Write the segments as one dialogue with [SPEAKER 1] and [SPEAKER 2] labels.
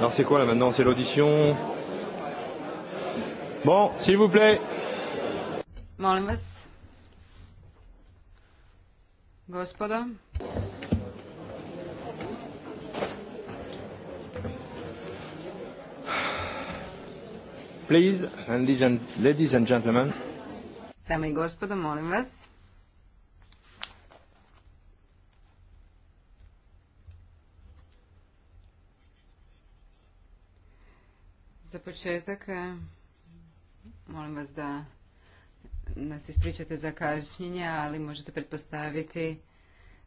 [SPEAKER 1] Alors c'est quoi là maintenant C'est l'audition Bon, s'il vous plaît.
[SPEAKER 2] Molim vas. Gospodo.
[SPEAKER 1] Please, and ladies and gentlemen.
[SPEAKER 2] Dame i gospodo, molim vas. početak. E, molim vas da nas ispričate za kažnjenje, ali možete pretpostaviti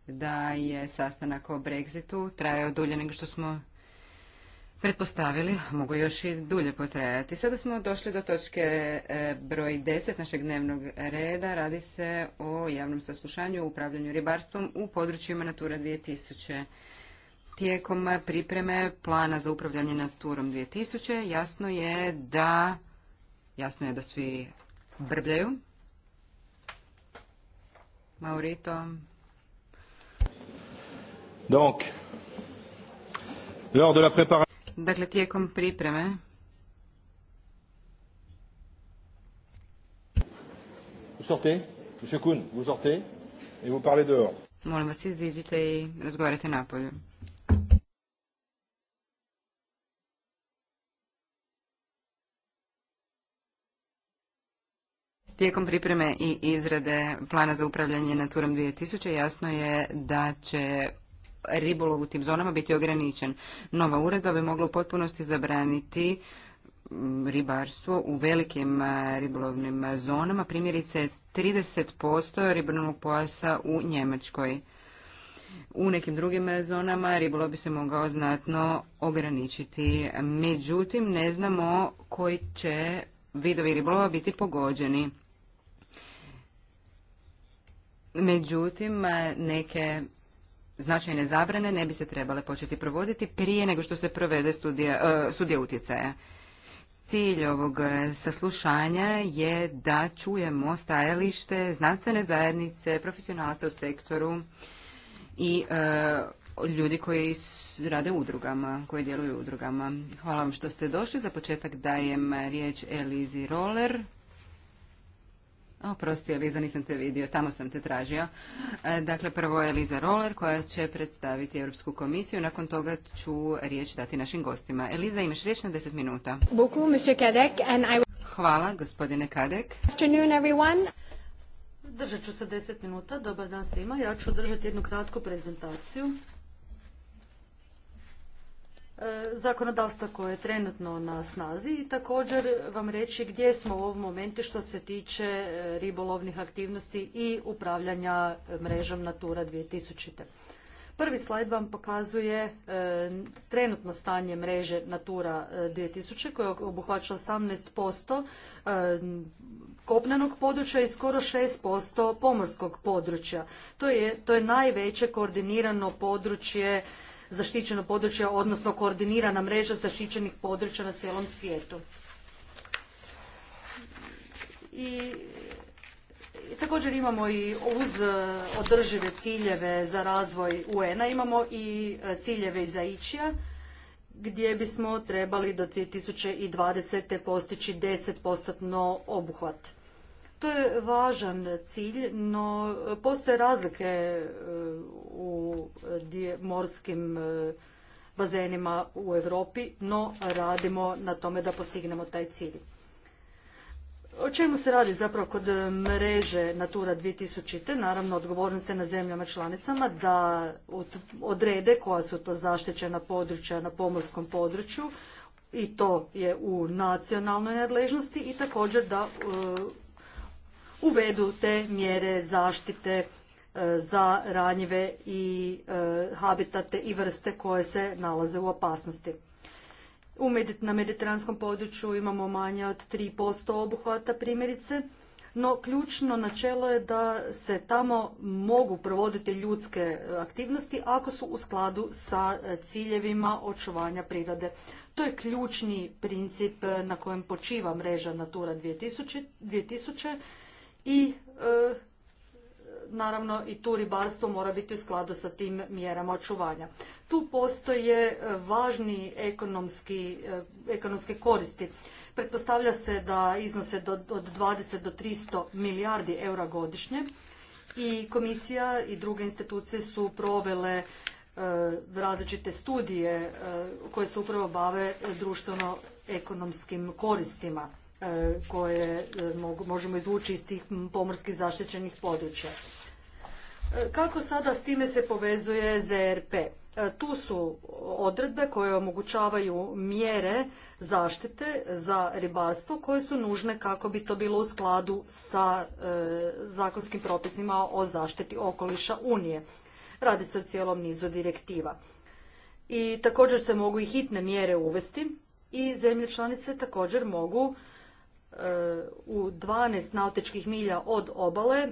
[SPEAKER 2] da je sastanak o Brexitu trajao dulje nego što smo pretpostavili, mogu još i dulje potrajati. Sada smo došli do točke e, broj 10 našeg dnevnog reda. Radi se o javnom saslušanju o upravljanju ribarstvom u područjima Natura 2000. Tijekom pripreme plana za upravljanje naturom 2000 jasno je da jasno je da svi brbljaju. Maurito.
[SPEAKER 1] Donc, lors de la préparation...
[SPEAKER 2] Dakle, tijekom pripreme
[SPEAKER 1] Vous sortez, Monsieur Kuhn, vous sortez et vous parlez dehors.
[SPEAKER 2] Molim vas, iziđite i razgovarajte napolju. Tijekom pripreme i izrade plana za upravljanje Naturom 2000 jasno je da će ribolov u tim zonama biti ograničen. Nova uredba bi mogla u potpunosti zabraniti mm, ribarstvo u velikim ribolovnim zonama, primjerice 30% ribolovnog pojasa u Njemačkoj. U nekim drugim zonama ribolov bi se mogao znatno ograničiti. Međutim, ne znamo koji će vidovi ribolova biti pogođeni. Međutim, neke značajne zabrane ne bi se trebale početi provoditi prije nego što se provede studija, e, studija utjecaja. Cilj ovog saslušanja je da čujemo stajalište znanstvene zajednice, profesionalaca u sektoru i e, ljudi koji rade u udrugama, koji djeluju u udrugama. Hvala vam što ste došli. Za početak dajem riječ Elizi Roller Oprosti, Eliza, nisam te vidio, tamo sam te tražio. E, dakle, prvo je Eliza Roller koja će predstaviti Europsku komisiju. Nakon toga ću riječ dati našim gostima. Eliza, imaš riječ na 10 minuta. Hvala, gospodine Kadek.
[SPEAKER 3] Držat ću se 10 minuta. Dobar dan svima. Ja ću držati jednu kratku prezentaciju E, zakonodavstva koje je trenutno na snazi i također vam reći gdje smo u ovom momentu što se tiče e, ribolovnih aktivnosti i upravljanja e, mrežom Natura 2000. Prvi slajd vam pokazuje trenutno stanje mreže Natura 2000 koja obuhvaća 18% kopnenog područja i skoro 6% pomorskog područja. To je, to je najveće koordinirano područje zaštićena područja, odnosno koordinirana mreža zaštićenih područja na cijelom svijetu. I također imamo i uz e, održive ciljeve za razvoj UN-a, imamo i e, ciljeve za Ičija gdje bismo trebali do 2020. postići 10% obuhvat. To je važan cilj, no postoje razlike e, u morskim e, bazenima u Europi, no radimo na tome da postignemo taj cilj. O čemu se radi zapravo kod mreže Natura 2000? Naravno, odgovorno se na zemljama članicama da odrede koja su to zaštićena područja na pomorskom području i to je u nacionalnoj nadležnosti i također da e, uvedu te mjere zaštite e, za ranjive i e, habitate i vrste koje se nalaze u opasnosti. na mediteranskom području imamo manje od 3% obuhvata primjerice, no ključno načelo je da se tamo mogu provoditi ljudske aktivnosti ako su u skladu sa ciljevima očuvanja prirode. To je ključni princip na kojem počiva mreža Natura 2000 i e, naravno i tu ribarstvo mora biti u skladu sa tim mjerama očuvanja. Tu postoje važni ekonomski, e, ekonomske koristi. Pretpostavlja se da iznose do, od 20 do 300 milijardi eura godišnje i komisija i druge institucije su provele e, različite studije koje se upravo bave društveno ekonomskim koristima. E, koje e, možemo izvući iz tih pomorskih zaštićenih područja. E, kako sada s time se povezuje ZRP? Tu su odredbe koje omogućavaju mjere zaštite za ribarstvo koje su nužne kako bi to bilo u skladu sa zakonskim propisima o zaštiti okoliša Unije. Radi se o cijelom nizu direktiva. I također se mogu i hitne mjere uvesti i zemlje članice također mogu u 12 nautičkih milja od obale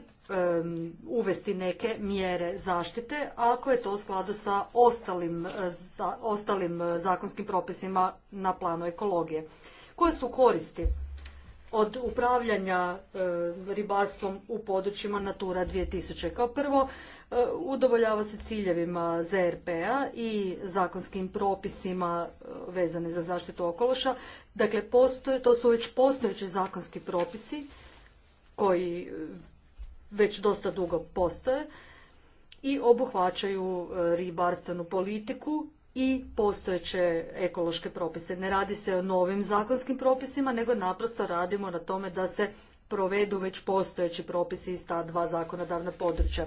[SPEAKER 3] uvesti neke mjere zaštite ako je to u skladu sa ostalim, ostalim zakonskim propisima na planu ekologije. Koje su koristi od upravljanja e, ribarstvom u područjima Natura 2000. Kao prvo, e, udovoljava se ciljevima ZRP-a i zakonskim propisima e, vezane za zaštitu okološa. Dakle, postoje, to su već postojeći zakonski propisi koji već dosta dugo postoje i obuhvaćaju ribarstvenu politiku i postojeće ekološke propise. Ne radi se o novim zakonskim propisima, nego naprosto radimo na tome da se provedu već postojeći propisi iz ta dva zakonodavna područja.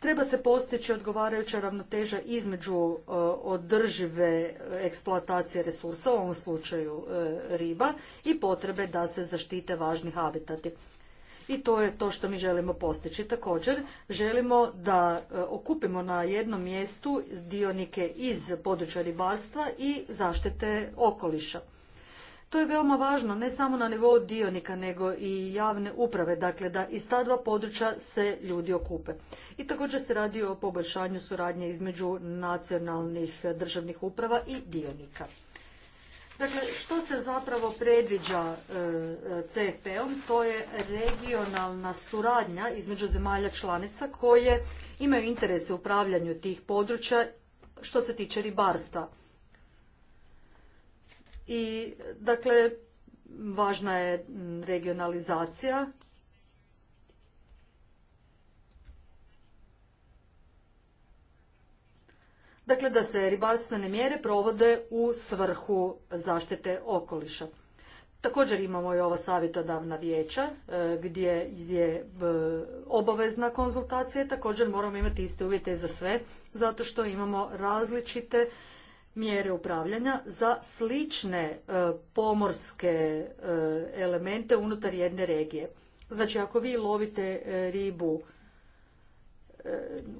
[SPEAKER 3] Treba se postići odgovarajuća ravnoteža između e, održive eksploatacije resursa, u ovom slučaju e, riba, i potrebe da se zaštite važni habitati i to je to što mi želimo postići. Također želimo da e, okupimo na jednom mjestu dionike iz područja ribarstva i zaštite okoliša. To je veoma važno ne samo na nivou dionika nego i javne uprave, dakle da iz ta dva područja se ljudi okupe. I također se radi o poboljšanju suradnje između nacionalnih državnih uprava i dionika. Dakle, što se zapravo predviđa e, CFP-om? To je regionalna suradnja između zemalja članica koje imaju interese u upravljanju tih područja što se tiče ribarstva. I, dakle, važna je regionalizacija dakle da se ribarstvene mjere provode u svrhu zaštite okoliša. Također imamo i ova savjetodavna vijeća e, gdje je e, obavezna konzultacija. Također moramo imati iste uvjete za sve zato što imamo različite mjere upravljanja za slične e, pomorske elemente unutar jedne regije. Znači ako vi lovite ribu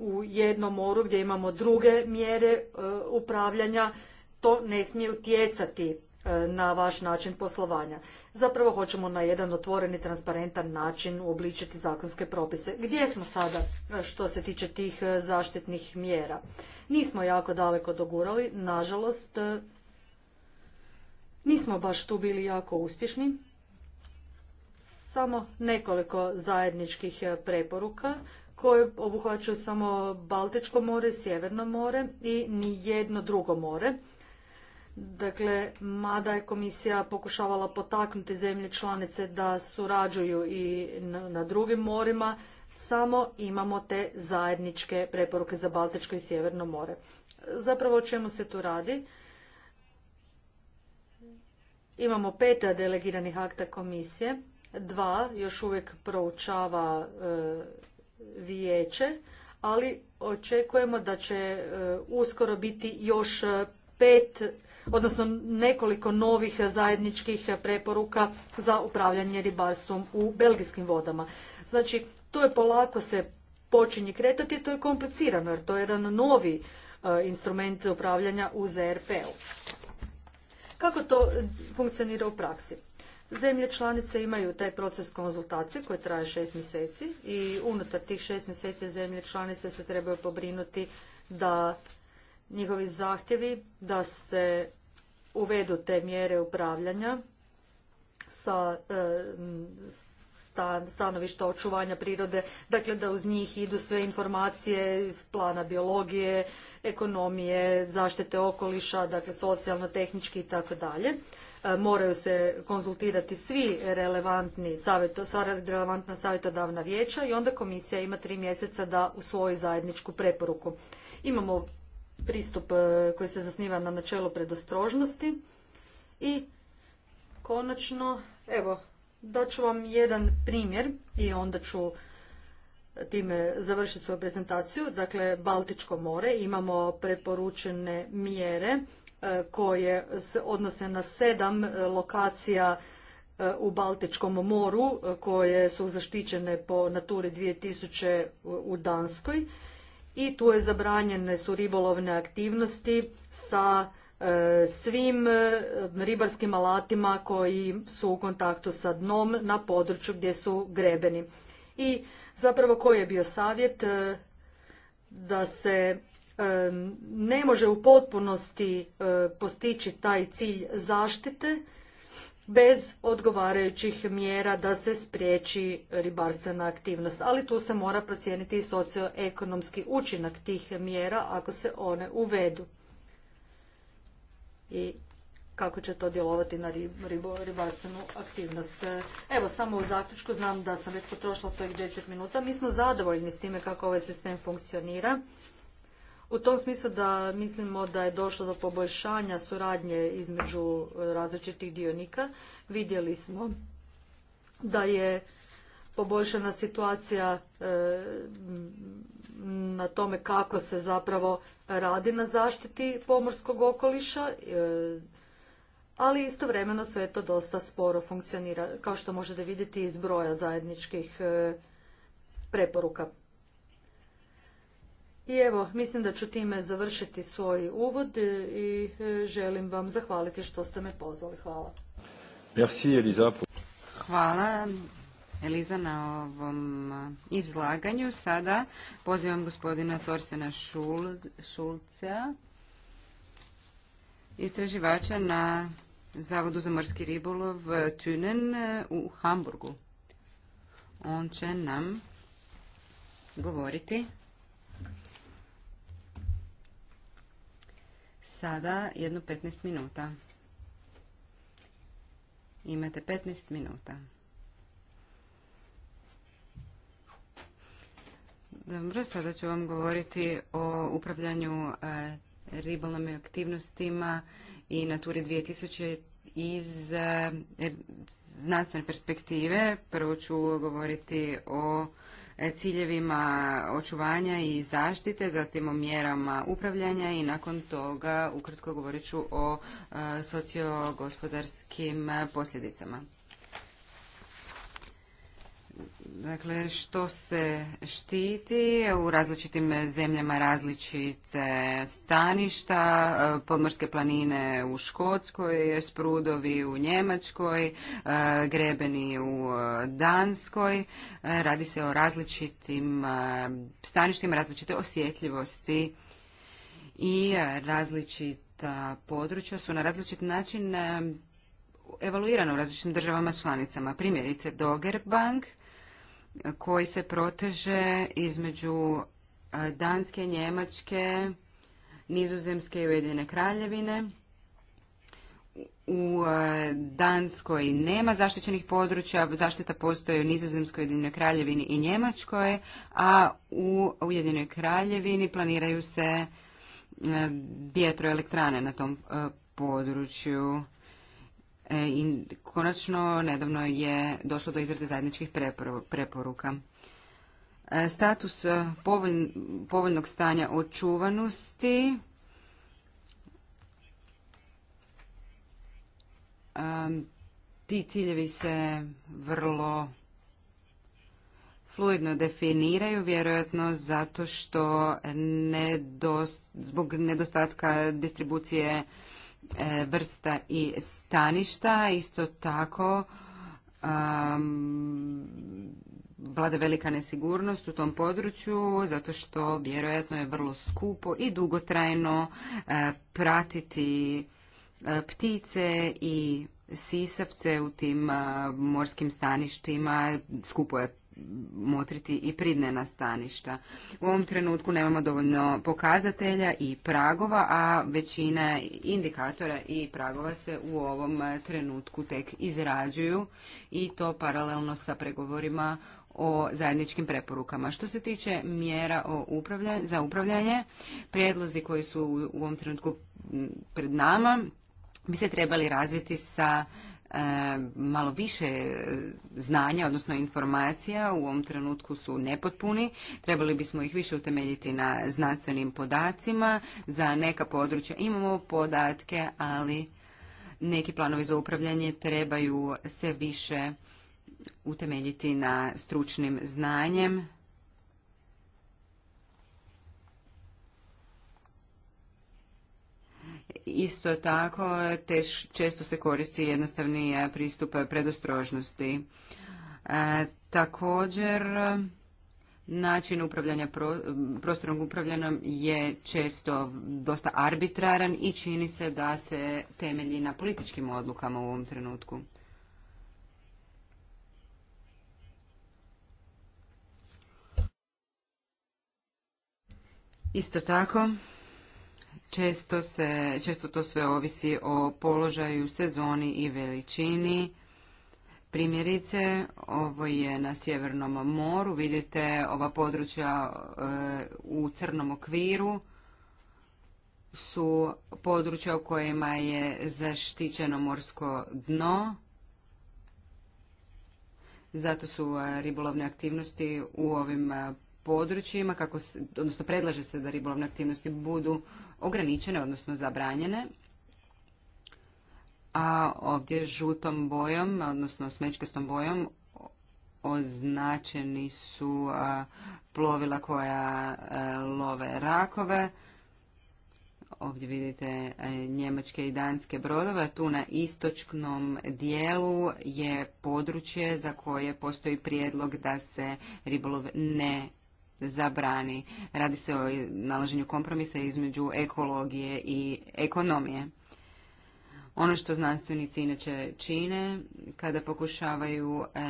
[SPEAKER 3] u jednom moru gdje imamo druge mjere e, upravljanja, to ne smije utjecati e, na vaš način poslovanja. Zapravo hoćemo na jedan otvoreni, transparentan način uobličiti zakonske propise. Gdje smo sada e, što se tiče tih zaštitnih mjera? Nismo jako daleko dogurali, nažalost, nismo baš tu bili jako uspješni. Samo nekoliko zajedničkih preporuka koje obuhvaćaju samo Baltičko more, Sjeverno more i ni jedno drugo more. Dakle, mada je komisija pokušavala potaknuti zemlje članice da surađuju i na drugim morima, samo imamo te zajedničke preporuke za Baltičko i Sjeverno more. Zapravo o čemu se tu radi? Imamo pet delegiranih akta komisije, dva još uvijek proučava e, vijeće, ali očekujemo da će e, uskoro biti još e, pet, odnosno nekoliko novih zajedničkih preporuka za upravljanje ribarstvom u belgijskim vodama. Znači, to je polako se počinje kretati, to je komplicirano jer to je jedan novi e, instrument upravljanja u ZRP-u. Kako to funkcionira u praksi? Zemlje članice imaju taj proces konzultacije koji traje šest mjeseci i unutar tih šest mjeseci zemlje članice se trebaju pobrinuti da njihovi zahtjevi da se uvedu te mjere upravljanja sa e, stanovišta očuvanja prirode, dakle da uz njih idu sve informacije iz plana biologije, ekonomije, zaštite okoliša, dakle socijalno, tehnički i tako dalje. E, moraju se konzultirati svi relevantni sva relevantna savjetodavna vijeća i onda komisija ima tri mjeseca da usvoji zajedničku preporuku. Imamo pristup e, koji se zasniva na načelu predostrožnosti i konačno, evo, ću vam jedan primjer i onda ću time završiti svoju prezentaciju. Dakle, Baltičko more, imamo preporučene mjere E, koje se odnose na sedam e, lokacija e, u Baltičkom moru koje su zaštićene po Naturi 2000 u Danskoj i tu je zabranjene su ribolovne aktivnosti sa svim ribarskim alatima koji su u kontaktu sa dnom na području gdje su grebeni. I zapravo koji je bio savjet da se ne može u potpunosti e, postići taj cilj zaštite bez odgovarajućih mjera da se spriječi ribarstvena aktivnost. Ali tu se mora procijeniti i socioekonomski učinak tih mjera ako se one uvedu. I kako će to djelovati na ribarstvenu aktivnost. Evo, samo u zaključku znam da sam već potrošila svojih 10 minuta. Mi smo zadovoljni s time kako ovaj sistem funkcionira u tom smislu da mislimo da je došlo do poboljšanja suradnje između različitih dionika. Vidjeli smo da je poboljšana situacija e, na tome kako se zapravo radi na zaštiti pomorskog okoliša, e, ali istovremeno sve to dosta sporo funkcionira, kao što možete vidjeti iz broja zajedničkih e, preporuka. I evo, mislim da ću time završiti svoj uvod i e, želim vam zahvaliti
[SPEAKER 2] što ste me pozvali. Hvala.
[SPEAKER 1] Merci, Eliza.
[SPEAKER 2] Hvala, Eliza, na ovom e, izlaganju. Sada pozivam gospodina Torsena Šulca, istraživača na Zavodu za morski ribolov e, Tünen u Hamburgu. On će nam govoriti sada jedno 15 minuta. Imate 15 minuta. Dobro, sada ću vam govoriti o upravljanju e, ribolovnim aktivnostima i Naturi 2000 iz e, znanstvene perspektive. Prvo ću govoriti o E, ciljevima očuvanja i zaštite, zatim o mjerama upravljanja i nakon toga ukratko govorit ću o e, sociogospodarskim posljedicama. Dakle, što se štiti u različitim zemljama različite staništa, e, podmorske planine u Škotskoj, sprudovi u Njemačkoj, e, grebeni u e, Danskoj. Radi se o različitim staništima, različite osjetljivosti i različita područja su na različit način evaluirana u različitim državama članicama. Primjerice, Doggerbank – koji se proteže između Danske, Njemačke, Nizozemske i Ujedine kraljevine. U Danskoj nema zaštićenih područja, zaštita postoje u Nizozemskoj, Ujedinoj kraljevini i Njemačkoj, a u Ujedinoj kraljevini planiraju se vjetroelektrane na tom području. E, I konačno, nedavno je došlo do izrade zajedničkih preporuka. E, status e, povoljnog stanja očuvanosti ti ciljevi se vrlo fluidno definiraju, vjerojatno zato što zbog nedostatka distribucije E, vrsta i staništa. Isto tako vlada velika nesigurnost u tom području zato što vjerojatno je vrlo skupo i dugotrajno e, pratiti e, ptice i sisavce u tim morskim staništima, skupo je motriti i pridnena staništa. U ovom trenutku nemamo dovoljno pokazatelja i pragova, a većina indikatora i pragova se u ovom trenutku tek izrađuju i to paralelno sa pregovorima o zajedničkim preporukama. Što se tiče mjera za upravljanje, prijedlozi koji su u ovom trenutku pred nama bi se trebali razviti sa E, malo više znanja, odnosno informacija u ovom trenutku su nepotpuni. Trebali bismo ih više utemeljiti na znanstvenim podacima. Za neka područja imamo podatke, ali neki planovi za upravljanje trebaju se više utemeljiti na stručnim znanjem Isto tako, te često se koristi jednostavni eh, pristup eh, predostrožnosti. Eh, također, način upravljanja pro, prostornog je često dosta arbitraran i čini se da se temelji na političkim odlukama u ovom trenutku. Isto tako, Često, se, često to sve ovisi o položaju, sezoni i veličini. Primjerice, ovo je na Sjevernom moru, vidite ova područja e, u crnom okviru su područja u kojima je zaštićeno morsko dno. Zato su e, ribolovne aktivnosti u ovim e, područjima, kako, odnosno predlaže se da ribolovne aktivnosti budu ograničene, odnosno zabranjene. A ovdje žutom bojom, odnosno smečkastom bojom, označeni su plovila koja love rakove. Ovdje vidite njemačke i danske brodove. Tu na istočnom dijelu je područje za koje postoji prijedlog da se ribolov ne zabrani. Radi se o nalaženju kompromisa između ekologije i ekonomije. Ono što znanstvenici inače čine kada pokušavaju eh,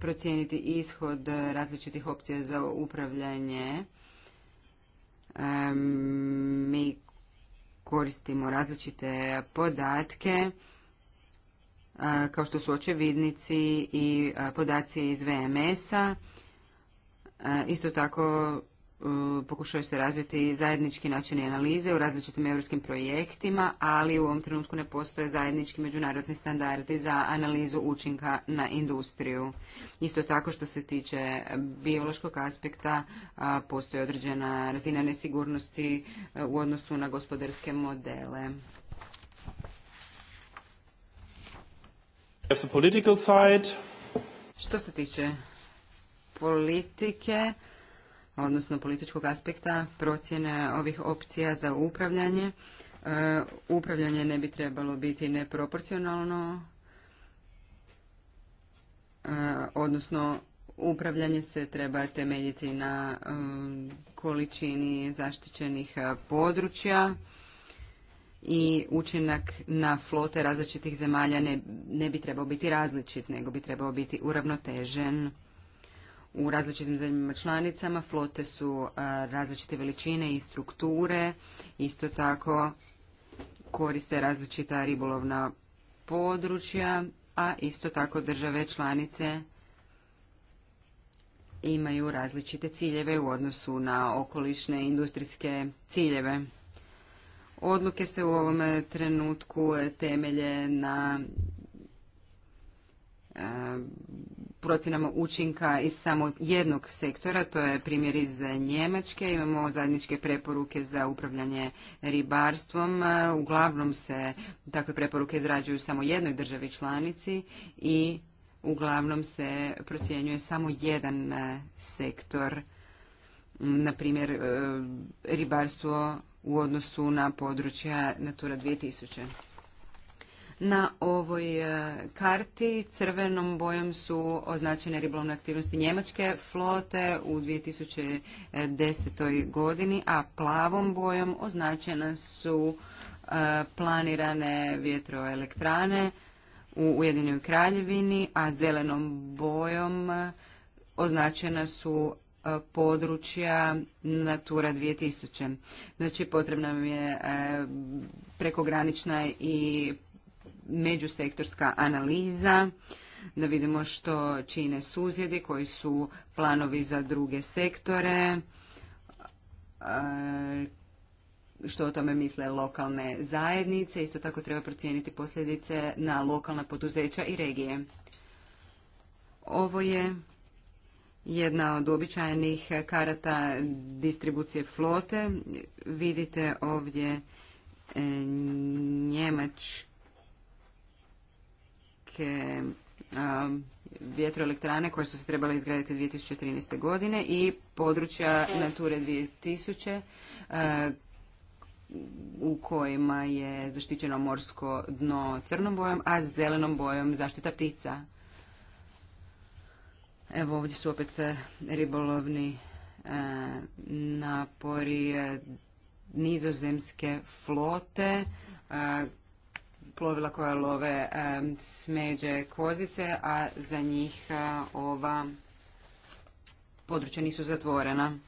[SPEAKER 2] procijeniti ishod različitih opcija za upravljanje, eh, mi koristimo različite podatke eh, kao što su očevidnici i podaci iz VMS-a. Isto tako pokušaju se razviti zajednički načini analize u različitim europskim projektima, ali u ovom trenutku ne postoje zajednički međunarodni standardi za analizu učinka na industriju. Isto tako što se tiče biološkog aspekta, postoji određena razina nesigurnosti e, u odnosu na gospodarske modele. Što se tiče politike, odnosno političkog aspekta procjene ovih opcija za upravljanje. E, upravljanje ne bi trebalo biti neproporcionalno, e, odnosno upravljanje se treba temeljiti na e, količini zaštićenih područja i učinak na flote različitih zemalja ne, ne bi trebao biti različit, nego bi trebao biti uravnotežen u različitim zemljama članicama, flote su e, različite veličine i strukture, isto tako koriste različita ribolovna područja, a isto tako države članice imaju različite ciljeve u odnosu na okolišne industrijske ciljeve. Odluke se u ovom trenutku temelje na e, procjenama učinka iz samo jednog sektora, to je primjer iz Njemačke, imamo zajedničke preporuke za upravljanje ribarstvom, uglavnom se takve preporuke izrađuju samo jednoj državi članici i uglavnom se procjenjuje samo jedan e, sektor, na primjer e, ribarstvo u odnosu na područja Natura 2000. Na ovoj e, karti crvenom bojom su označene ribolovne aktivnosti njemačke flote u 2010. godini, a plavom bojom označene su e, planirane vjetroelektrane u Ujedinjoj kraljevini, a zelenom bojom označena su e, područja Natura 2000. Znači potrebna nam je prekogranična i međusektorska analiza, da vidimo što čine suzjedi, koji su planovi za druge sektore, e, što o tome misle lokalne zajednice. Isto tako treba procijeniti posljedice na lokalna poduzeća i regije. Ovo je jedna od običajnih karata distribucije flote. Vidite ovdje e, Njemačke neke vjetroelektrane koje su se trebale izgraditi 2013. godine i područja Nature 2000 u kojima je zaštićeno morsko dno crnom bojom, a zelenom bojom zaštita ptica. Evo ovdje su opet e, ribolovni e, napori e, nizozemske flote plovila koja love smeđe kozice, a za njih ova područja nisu zatvorena.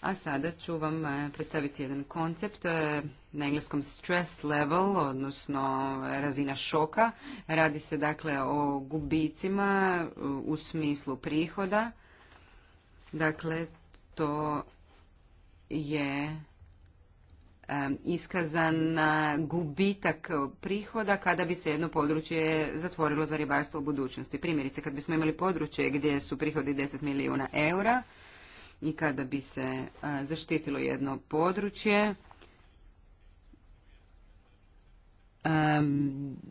[SPEAKER 2] A sada ću vam e, predstaviti jedan koncept, e, na engleskom stress level, odnosno e, razina šoka. Radi se dakle o gubicima u smislu prihoda. Dakle, to je iskazan gubitak prihoda kada bi se jedno područje zatvorilo za ribarstvo u budućnosti. Primjerice, kad bismo imali područje gdje su prihodi 10 milijuna eura i kada bi se zaštitilo jedno područje,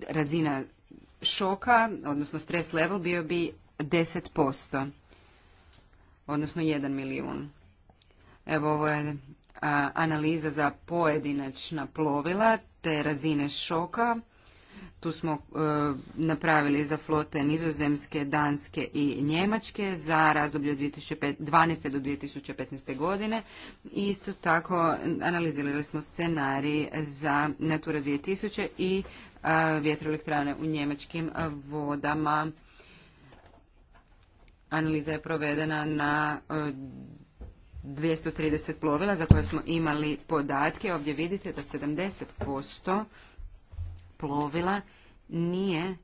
[SPEAKER 2] razina šoka, odnosno stres level, bio bi 10%, odnosno 1 milijun. Evo, ovo je analiza za pojedinačna plovila te razine šoka. Tu smo e, napravili za flote nizozemske, danske i njemačke za razdoblje od 2012. do 2015. godine. Isto tako analizirali smo scenarij za Natura 2000 i vjetroelektrane u njemačkim vodama. Analiza je provedena na e, 230 plovila za koje smo imali podatke. Ovdje vidite da 70% plovila nije, e,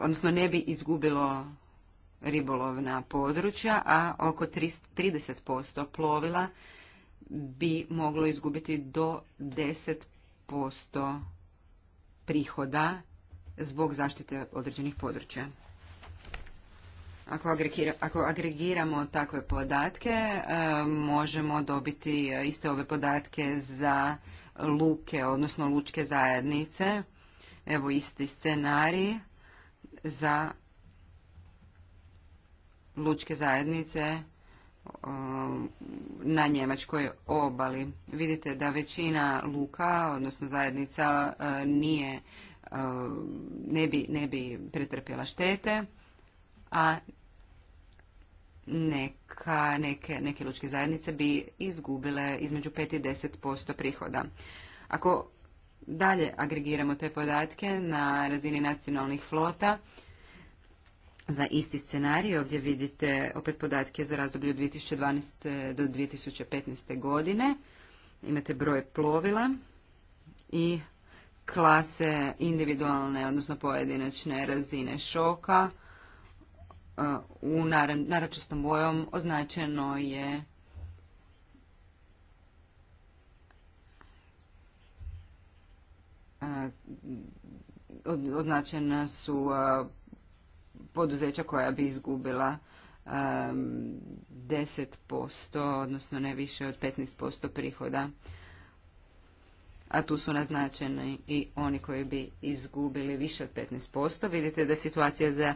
[SPEAKER 2] odnosno ne bi izgubilo ribolovna područja, a oko 30% plovila bi moglo izgubiti do 10% prihoda zbog zaštite određenih područja. Ako, ako agregiramo takve podatke, e, možemo dobiti iste ove podatke za luke, odnosno lučke zajednice. Evo isti scenarij za lučke zajednice e, na njemačkoj obali. Vidite da većina luka, odnosno zajednica, e, nije, ne bi, ne bi pretrpjela štete, a neka, neke, lučke zajednice bi izgubile između 5 i 10% prihoda. Ako dalje agregiramo te podatke na razini nacionalnih flota, za isti scenarij ovdje vidite opet podatke za razdoblje 2012. do 2015. godine. Imate broj plovila i klase individualne, odnosno pojedinačne razine šoka, u narančastom bojom označeno je označena su poduzeća koja bi izgubila 10%, odnosno ne više od 15% prihoda. A tu su naznačeni i oni koji bi izgubili više od 15%. Vidite da situacija za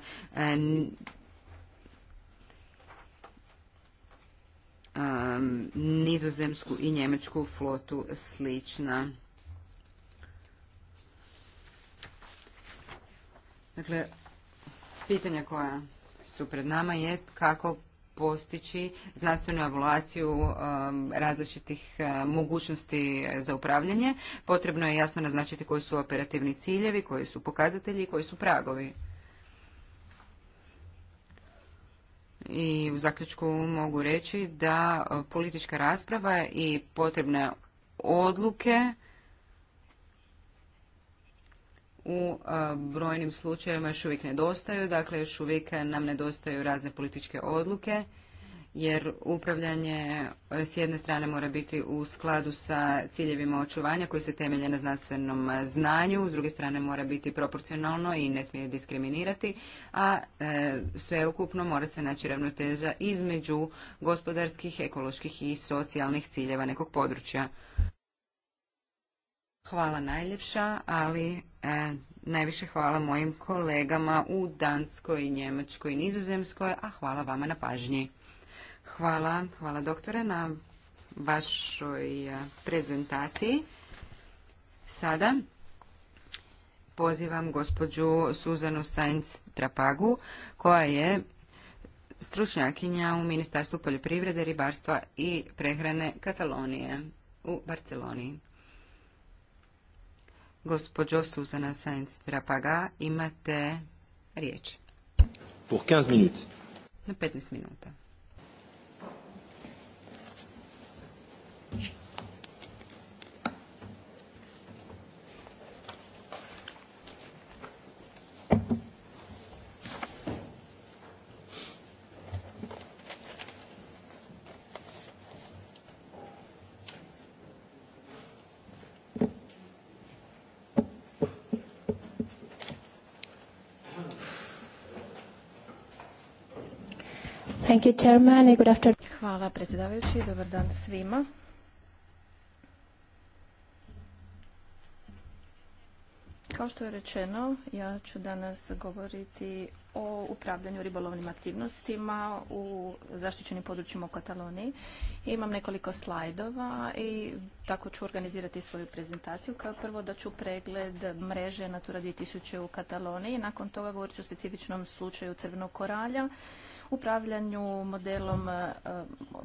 [SPEAKER 2] nizozemsku i njemačku flotu slična. Dakle, pitanja koja su pred nama jest kako postići znanstvenu evaluaciju različitih e, mogućnosti za upravljanje. Potrebno je jasno naznačiti koji su operativni ciljevi, koji su pokazatelji i koji su pragovi. i u zaključku mogu reći da e, politička rasprava i potrebne odluke u e, brojnim slučajevima još uvijek nedostaju, dakle još uvijek nam nedostaju razne političke odluke jer upravljanje e, s jedne strane mora biti u skladu sa ciljevima očuvanja koji se temelje na znanstvenom e, znanju, s druge strane mora biti proporcionalno i ne smije diskriminirati, a e, sveukupno mora se naći ravnoteža između gospodarskih, ekoloških i socijalnih ciljeva nekog područja. Hvala najljepša, ali najviše hvala mojim kolegama u Danskoj, Njemačkoj i Nizozemskoj, a hvala vama na pažnji. Hvala, hvala doktore na vašoj eh, prezentaciji. Sada pozivam gospođu Suzanu Sainz Trapagu, koja je stručnjakinja u Ministarstvu poljoprivrede, ribarstva i prehrane Katalonije u Barceloniji. Gospođo Suzana Sainz Trapaga, imate riječ.
[SPEAKER 1] Pour 15
[SPEAKER 2] Na 15 minuta.
[SPEAKER 4] Hvala predsjedavajući, dobar dan svima. Kao što je rečeno, ja ću danas govoriti o upravljanju ribolovnim aktivnostima u zaštićenim područjima u Kataloniji. Imam nekoliko slajdova i tako ću organizirati svoju prezentaciju. Kao prvo da ću pregled mreže Natura 2000 u Kataloniji. Nakon toga govorit ću o specifičnom slučaju Crvenog koralja, upravljanju modelom e,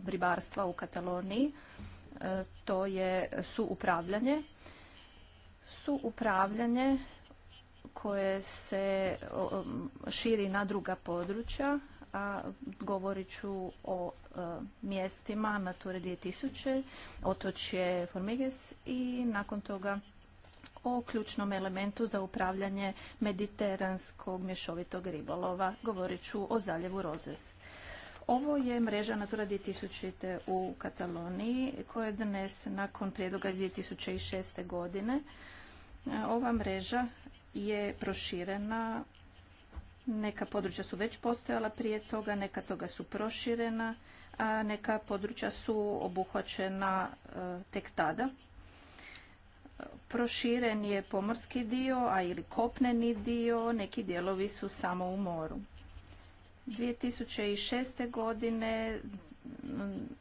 [SPEAKER 4] ribarstva u Kataloniji, e, to je upravljanje su upravljanje koje se širi na druga područja, a govorit ću o e, mjestima Nature 2000, otočje Formiges i nakon toga o ključnom elementu za upravljanje mediteranskog mješovitog ribolova. Govorit ću o zaljevu Rozes. Ovo je mreža Natura 2000 u Kataloniji koja je dnes, nakon prijedloga iz 2006. godine ova mreža je proširena, neka područja su već postojala prije toga, neka toga su proširena, a neka područja su obuhvaćena e, tek tada. Proširen je pomorski dio, a ili kopneni dio, neki dijelovi su samo u moru. 2006. godine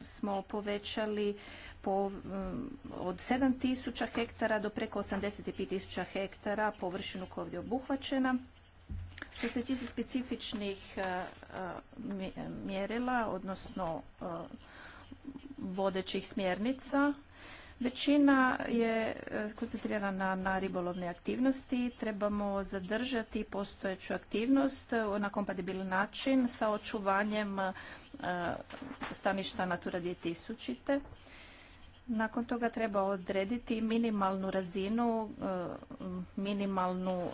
[SPEAKER 4] smo povećali po, eh, od 7000 hektara do preko 85000 hektara površinu koja je ovdje obuhvaćena. Što se tiče specifičnih eh, eh, mjerila, odnosno vodećih smjernica, Većina je e, koncentrirana na ribolovne aktivnosti. Trebamo zadržati postojeću aktivnost na kompatibilan način sa očuvanjem e, staništa Natura 2000. Nakon toga treba odrediti minimalnu razinu, e, minimalnu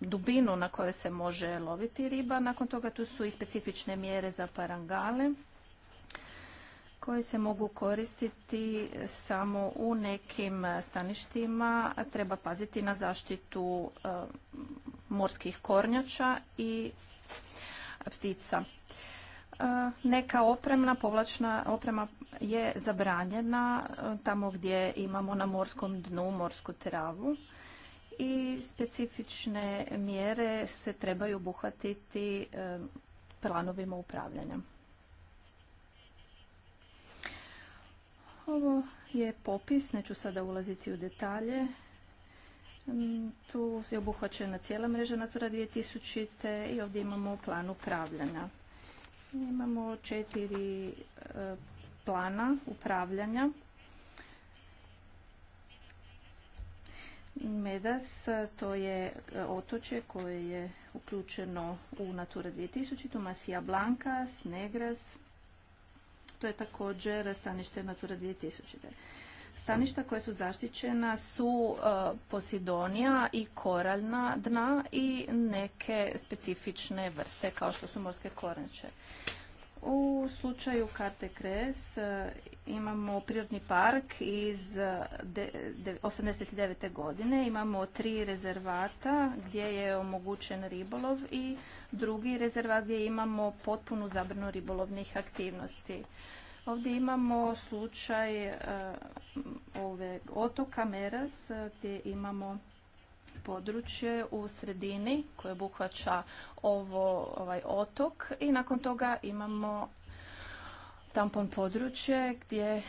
[SPEAKER 4] dubinu na kojoj se može loviti riba. Nakon toga tu su i specifične mjere za parangale koje se mogu koristiti samo u nekim staništima. Treba paziti na zaštitu e, morskih kornjača i ptica. E, neka opremna povlačna oprema je zabranjena e, tamo gdje imamo na morskom dnu morsku travu i specifične mjere se trebaju obuhvatiti planovima upravljanja. Ovo je popis, neću sada ulaziti u detalje. Mm, tu je obuhvaćena cijela mreža Natura 2000 i ovdje imamo plan upravljanja. Imamo četiri e, plana upravljanja. Medas, to je e, otoče koje je uključeno u Natura 2000, tu Masija Blanca, Snegras, to je također stanište Natura 2000. Staništa koja su zaštićena su e, posidonija i koraljna dna i neke specifične vrste kao što su morske korenče. U slučaju Karte Kres e, imamo prirodni park iz 89. godine. Imamo tri rezervata gdje je omogućen ribolov i drugi rezervat gdje imamo potpunu zabranu ribolovnih aktivnosti. Ovdje imamo slučaj e, ove otoka Meras e, gdje imamo područje u sredini koje obuhvaća ovo, ovaj otok i nakon toga imamo tampon područje gdje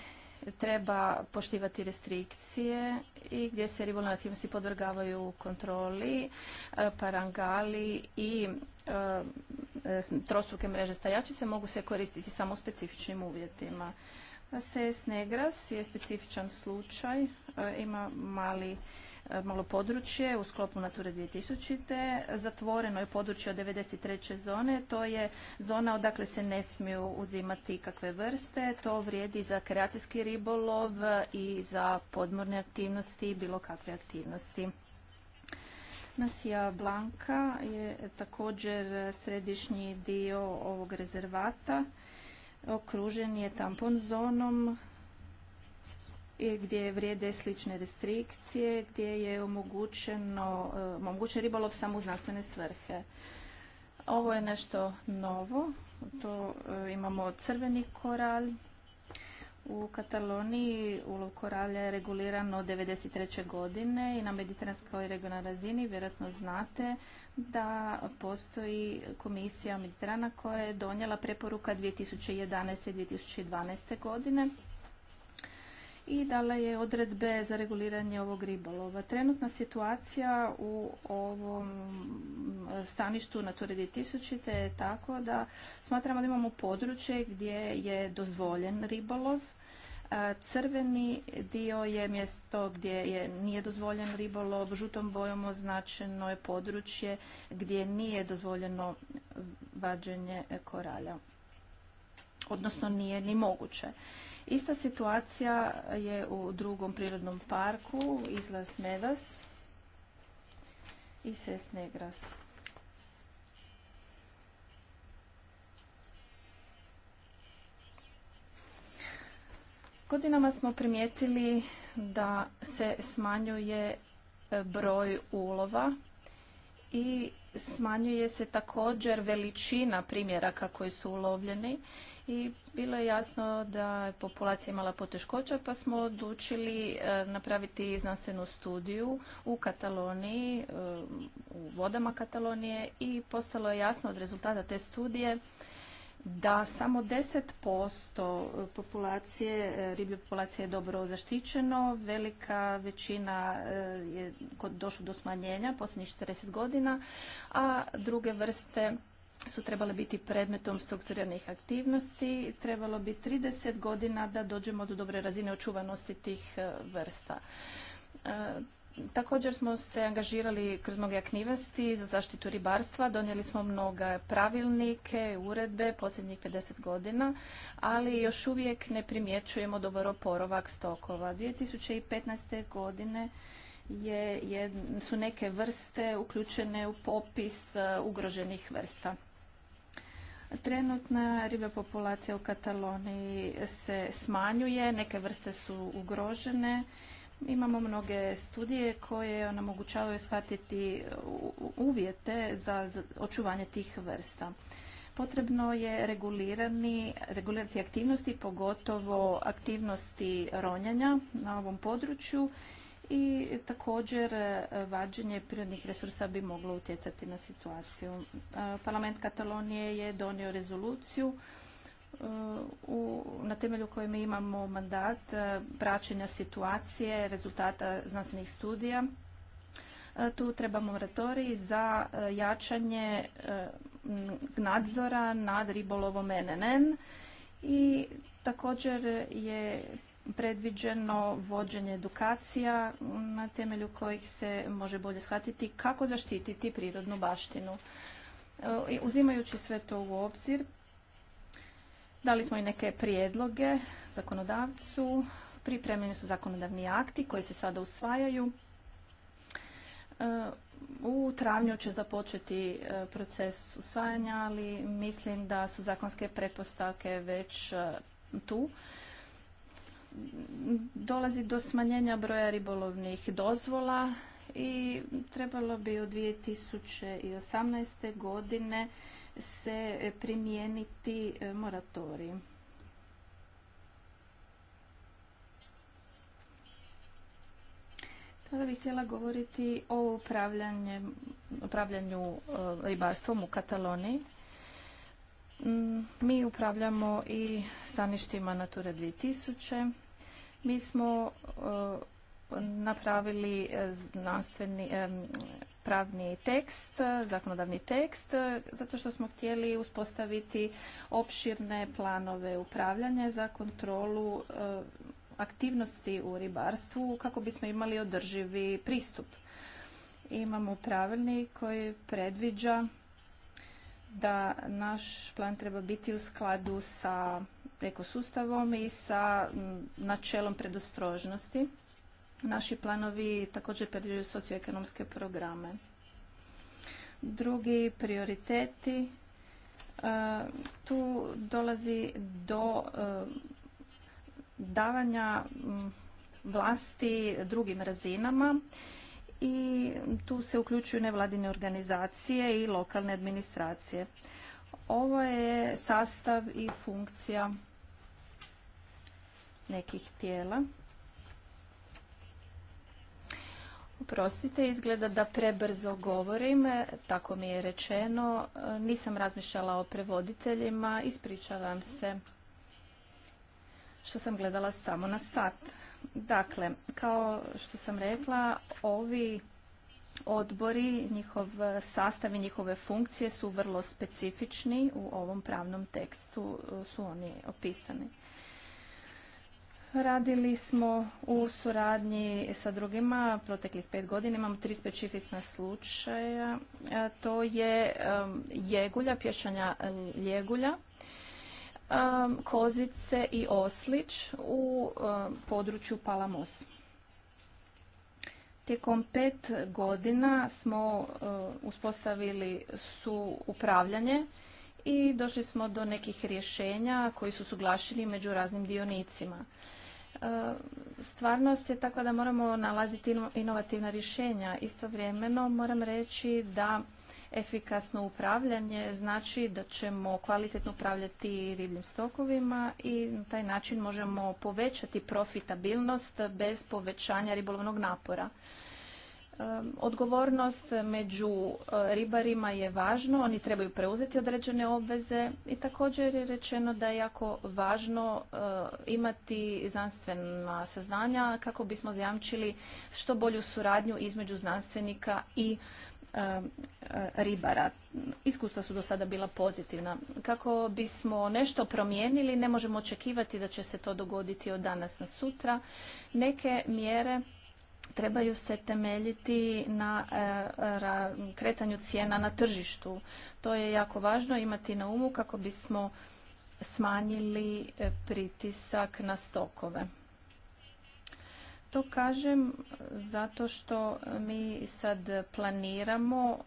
[SPEAKER 4] treba poštivati restrikcije i gdje se ribolovne aktivnosti podvrgavaju kontroli, e, parangali i e, trostruke mreže stajačice mogu se koristiti samo u specifičnim uvjetima. SES Negras je specifičan slučaj, e, ima mali e, malo područje u sklopu Nature 2000. Zatvoreno je područje od 93. zone. To je zona odakle se ne smiju uzimati kakve vrste. To vrijedi za kreacijski ribolov i za podmorne aktivnosti i bilo kakve aktivnosti. Nasija Blanka je također središnji dio ovog rezervata okružen je tampon zonom gdje vrijede slične restrikcije, gdje je omogućeno, e, omogućen ribolov samo u znanstvene svrhe. Ovo je nešto novo, to e, imamo crveni koral, u Kataloniji ulov koralja je reguliran od 1993. godine i na mediteranskoj regionalnoj razini vjerojatno znate da postoji komisija Mediterana koja je donijela preporuka 2011. i 2012. godine i dala je odredbe za reguliranje ovog ribolova. Trenutna situacija u ovom staništu Nature 2000 je tako da smatramo da imamo područje gdje je dozvoljen ribolov E, crveni dio je mjesto gdje je, nije dozvoljen ribolov, žutom bojom označeno je područje gdje nije dozvoljeno vađenje koralja, odnosno nije ni moguće. Ista situacija je u drugom prirodnom parku, izlaz Medas i Sesnegras. Godinama smo primijetili da se smanjuje e, broj ulova i smanjuje se također veličina primjeraka koji su ulovljeni i bilo je jasno da je populacija imala poteškoća pa smo odlučili e, napraviti znanstvenu studiju u Kataloniji, e, u vodama Katalonije i postalo je jasno od rezultata te studije da samo 10% populacije, e, riblje populacije je dobro zaštićeno, velika većina e, je došlo do smanjenja posljednjih 40 godina, a druge vrste su trebale biti predmetom strukturiranih aktivnosti. Trebalo bi 30 godina da dođemo do dobre razine očuvanosti tih e, vrsta. Također smo se angažirali kroz mnoge aktivnosti za zaštitu ribarstva, donijeli smo mnoga pravilnike, uredbe posljednjih 50 godina, ali još uvijek ne primjećujemo dobar porovak stokova. 2015. godine je, je, su neke vrste uključene u popis e, ugroženih vrsta. Trenutna riba populacija u Kataloniji se smanjuje, neke vrste su ugrožene Imamo mnoge studije koje onemogućavaju shvatiti uvjete za očuvanje tih vrsta. Potrebno je regulirati aktivnosti, pogotovo aktivnosti ronjanja na ovom području i također e, vađenje prirodnih resursa bi moglo utjecati na situaciju. E, Parlament Katalonije je donio rezoluciju na temelju koje mi imamo mandat e, praćenja situacije, rezultata znanstvenih studija. E, tu treba moratorij za e, jačanje nadzora nad ribolovom NNN i također je predviđeno vođenje edukacija na temelju kojih se može bolje shvatiti kako zaštititi prirodnu baštinu. Uzimajući sve to u obzir, Dali smo i neke prijedloge zakonodavcu. Pripremljeni su zakonodavni akti koji se sada usvajaju. E, u travnju će započeti e, proces usvajanja, ali mislim da su zakonske pretpostavke već e, tu. Dolazi do smanjenja broja ribolovnih dozvola i trebalo bi u 2018. godine se primijeniti e, moratorij. Sada bih htjela govoriti o upravljanju e, ribarstvom u Kataloniji. Mm, mi upravljamo i staništima Natura 2000. Mi smo e, napravili e, znanstveni e, pravni tekst, e, zakonodavni tekst, zato što smo htjeli uspostaviti opširne planove upravljanja za kontrolu aktivnosti u ribarstvu kako bismo imali održivi pristup. Imamo pravilnik koji predviđa da naš plan treba biti u skladu sa ekosustavom i sa načelom predostrožnosti Naši planovi također predviđaju socioekonomske programe. Drugi prioriteti, e, tu dolazi do e, davanja vlasti drugim razinama i tu se uključuju nevladine organizacije i lokalne administracije. Ovo je sastav i funkcija nekih tijela. Oprostite, izgleda da prebrzo govorim, tako mi je rečeno. Nisam razmišljala o prevoditeljima, ispričavam se što sam gledala samo na sat. Dakle, kao što sam rekla, ovi odbori, njihov sastav i njihove funkcije su vrlo specifični u ovom pravnom tekstu, su oni opisani. Radili smo u suradnji sa drugima proteklih pet godina. Imamo tri specifična slučaja. To je um, jegulja, pješanja ljegulja, um, kozice i oslić u um, području Palamos. Tijekom pet godina smo uspostavili su upravljanje i došli smo do nekih rješenja koji su suglašeni među raznim dionicima. E, stvarnost je tako da moramo nalaziti inovativna rješenja. Istovremeno moram reći da efikasno upravljanje znači da ćemo kvalitetno upravljati ribljim stokovima i na taj način možemo povećati profitabilnost bez povećanja ribolovnog napora. Odgovornost među e, ribarima je važno, oni trebaju preuzeti određene obveze i također je rečeno da je jako važno e, imati znanstvena saznanja kako bismo zajamčili što bolju suradnju između znanstvenika i e, ribara. Iskustva su do sada bila pozitivna. Kako bismo nešto promijenili, ne možemo očekivati da će se to dogoditi od danas na sutra. Neke mjere trebaju se temeljiti na e, kretanju cijena na tržištu. To je jako važno imati na umu kako bismo smanjili e, pritisak na stokove. To kažem zato što mi sad planiramo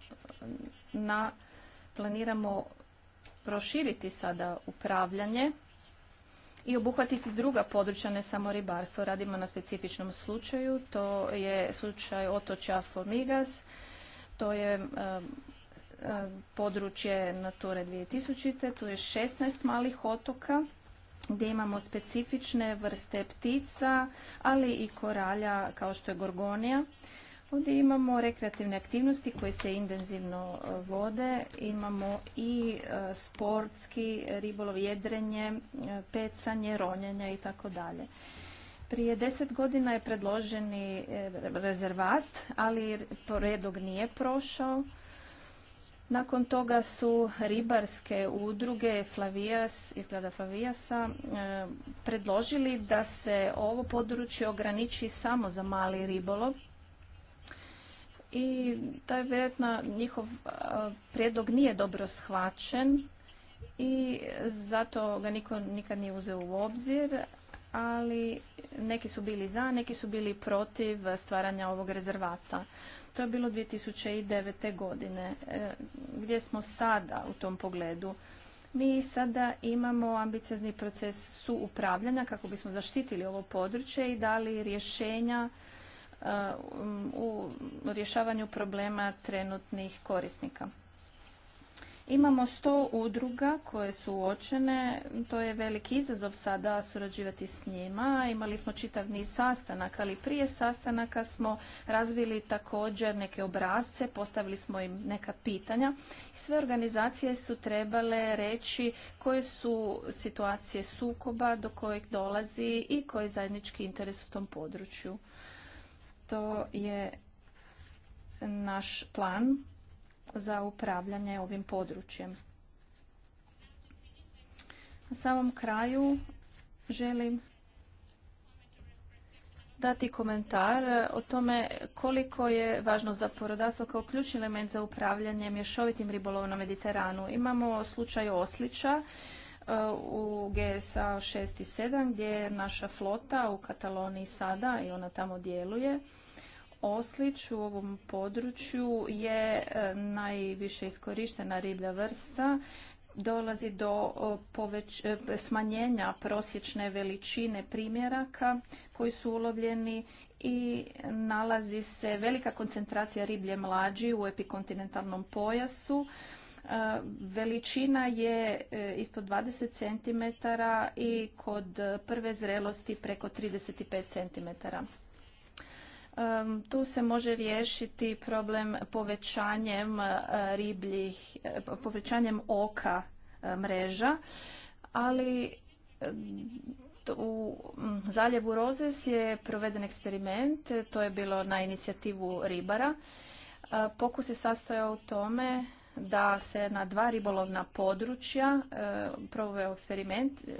[SPEAKER 4] na planiramo proširiti sada upravljanje i obuhvatiti druga područja, ne samo ribarstvo. Radimo na specifičnom slučaju, to je slučaj otoča Formigas, to je e, e, područje Nature 2000, tu je 16 malih otoka gdje imamo specifične vrste ptica, ali i koralja kao što je Gorgonija. Ovdje imamo rekreativne aktivnosti koje se intenzivno e, vode, imamo i e, sportski ribolov, jedrenje, e, pecanje, ronjenje i tako dalje. Prije deset godina je predloženi rezervat, ali redog nije prošao. Nakon toga su ribarske udruge Flavijas, izgleda Flavijasa, predložili da se ovo područje ograniči samo za mali ribolov, i da je vjerojatno njihov prijedlog nije dobro shvaćen i zato ga niko nikad nije uzeo u obzir, ali neki su bili za, neki su bili protiv stvaranja ovog rezervata. To je bilo 2009. godine. E, gdje smo sada u tom pogledu? Mi sada imamo ambiciozni proces suupravljanja kako bismo zaštitili ovo područje i dali rješenja u rješavanju problema trenutnih korisnika. Imamo sto udruga koje su uočene, to je veliki izazov sada surađivati s njima. Imali smo čitav niz sastanaka, ali prije sastanaka smo razvili također neke obrazce, postavili smo im neka pitanja. Sve organizacije su trebale reći koje su situacije sukoba do kojeg dolazi i koji je zajednički interes u tom području to je naš plan za upravljanje ovim područjem. Na samom kraju želim dati komentar o tome koliko je važno za porodastvo kao ključni element za upravljanje mješovitim ribolovom na Mediteranu. Imamo slučaj Oslića E, u GSA 6 i 7 gdje je naša flota u Kataloniji sada i ona tamo djeluje. Oslić u ovom području je e, najviše iskorištena riblja vrsta. Dolazi do poveć, e, smanjenja prosječne veličine primjeraka koji su ulovljeni i nalazi se velika koncentracija riblje mlađi u epikontinentalnom pojasu. E, veličina je e, ispod 20 cm i kod prve zrelosti preko 35 cm. E, tu se može riješiti problem povećanjem ribljih, povećanjem oka mreža, ali u zaljevu Rozes je proveden eksperiment, to je bilo na inicijativu ribara. Pokus je sastojao u tome da se na dva ribolovna područja e, proveo eksperiment. E,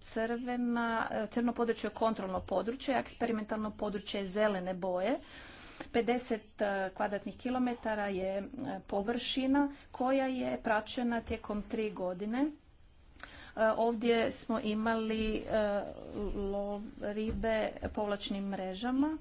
[SPEAKER 4] crvena, e, crno područje je kontrolno područje, a eksperimentalno područje je zelene boje. 50 kvadratnih kilometara je površina koja je praćena tijekom tri godine. Ovdje smo imali ribe povlačnim mrežama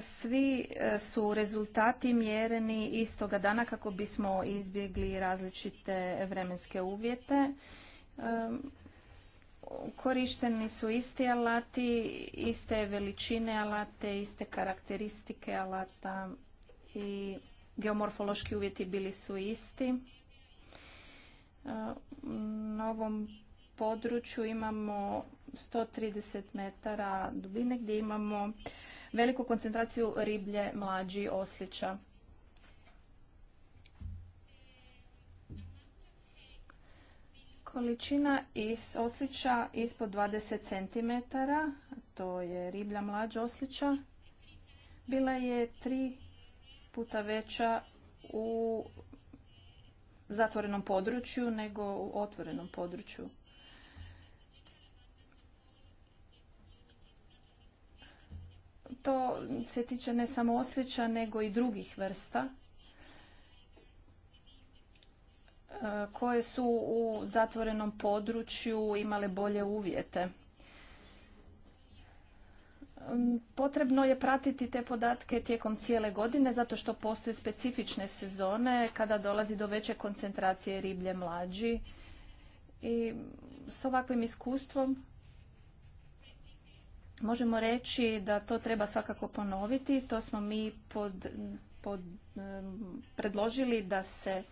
[SPEAKER 4] svi e, su rezultati mjereni istoga dana kako bismo izbjegli različite vremenske uvjete. Korišteni su isti alati, iste veličine alate, iste karakteristike alata i geomorfološki uvjeti bili su isti. Na ovom području imamo 130 metara dubine gdje imamo veliku koncentraciju riblje, mlađi, oslića. Količina is oslića ispod 20 cm, to je riblja mlađa oslića, bila je tri puta veća u zatvorenom području nego u otvorenom području. to se tiče ne samo osjeća, nego i drugih vrsta e, koje su u zatvorenom području imale bolje uvjete. Potrebno je pratiti te podatke tijekom cijele godine zato što postoje specifične sezone kada dolazi do veće koncentracije riblje mlađi. I s ovakvim iskustvom Možemo reći da to treba svakako ponoviti. To smo mi pod, pod, predložili da se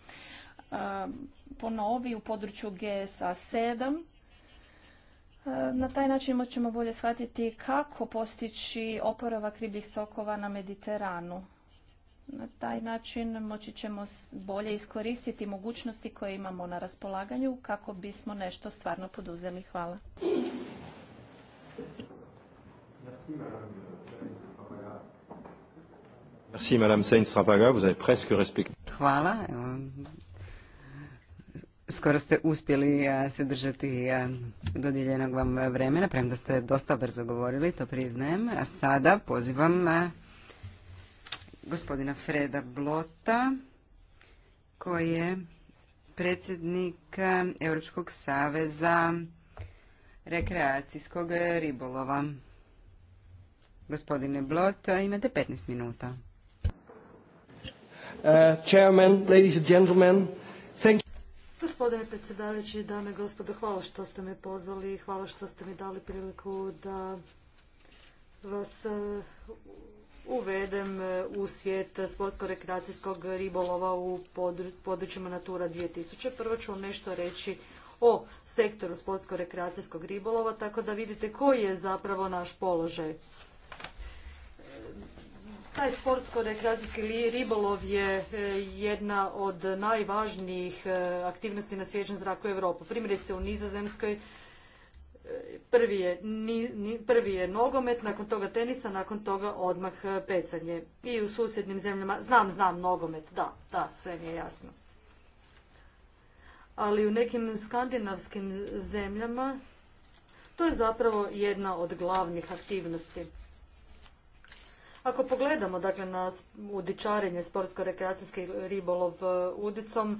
[SPEAKER 4] ponovi u području GSA 7. na taj način ćemo bolje shvatiti kako postići oporavak kribih stokova na Mediteranu. Na taj način moći ćemo bolje iskoristiti mogućnosti koje imamo na raspolaganju kako bismo nešto stvarno poduzeli. Hvala.
[SPEAKER 2] Hvala. Skoro ste uspjeli eh, se držati eh, dodijeljenog vam vremena, premda ste dosta brzo govorili, to priznajem. A sada pozivam eh, gospodina Freda Blota, koji je predsjednik Europskog saveza rekreacijskog ribolova. Gospodine Blot, imate 15 minuta.
[SPEAKER 5] Uh, chairman, ladies and gentlemen,
[SPEAKER 3] Gospodine predsjedavajući, dame i gospodo, hvala što ste me pozvali, hvala što ste mi dali priliku da vas uh, uvedem uh, u svijet sportsko-rekreacijskog ribolova u područjima Natura 2000. Prvo ću vam nešto reći o sektoru sportsko-rekreacijskog ribolova, tako da vidite koji je zapravo naš položaj. Taj sportsko-rekreacijski ribolov je e, jedna od najvažnijih e, aktivnosti na svježem zraku Europu. Primjerice u Nizozemskoj e, prvi je, prvi je nogomet, nakon toga tenisa, nakon toga odmah pecanje. I u susjednim zemljama, znam, znam, nogomet, da, da, sve mi je jasno. Ali u nekim skandinavskim zemljama to je zapravo jedna od glavnih aktivnosti. Ako pogledamo dakle, na udičarenje sportsko-rekreacijski ribolov e, udicom,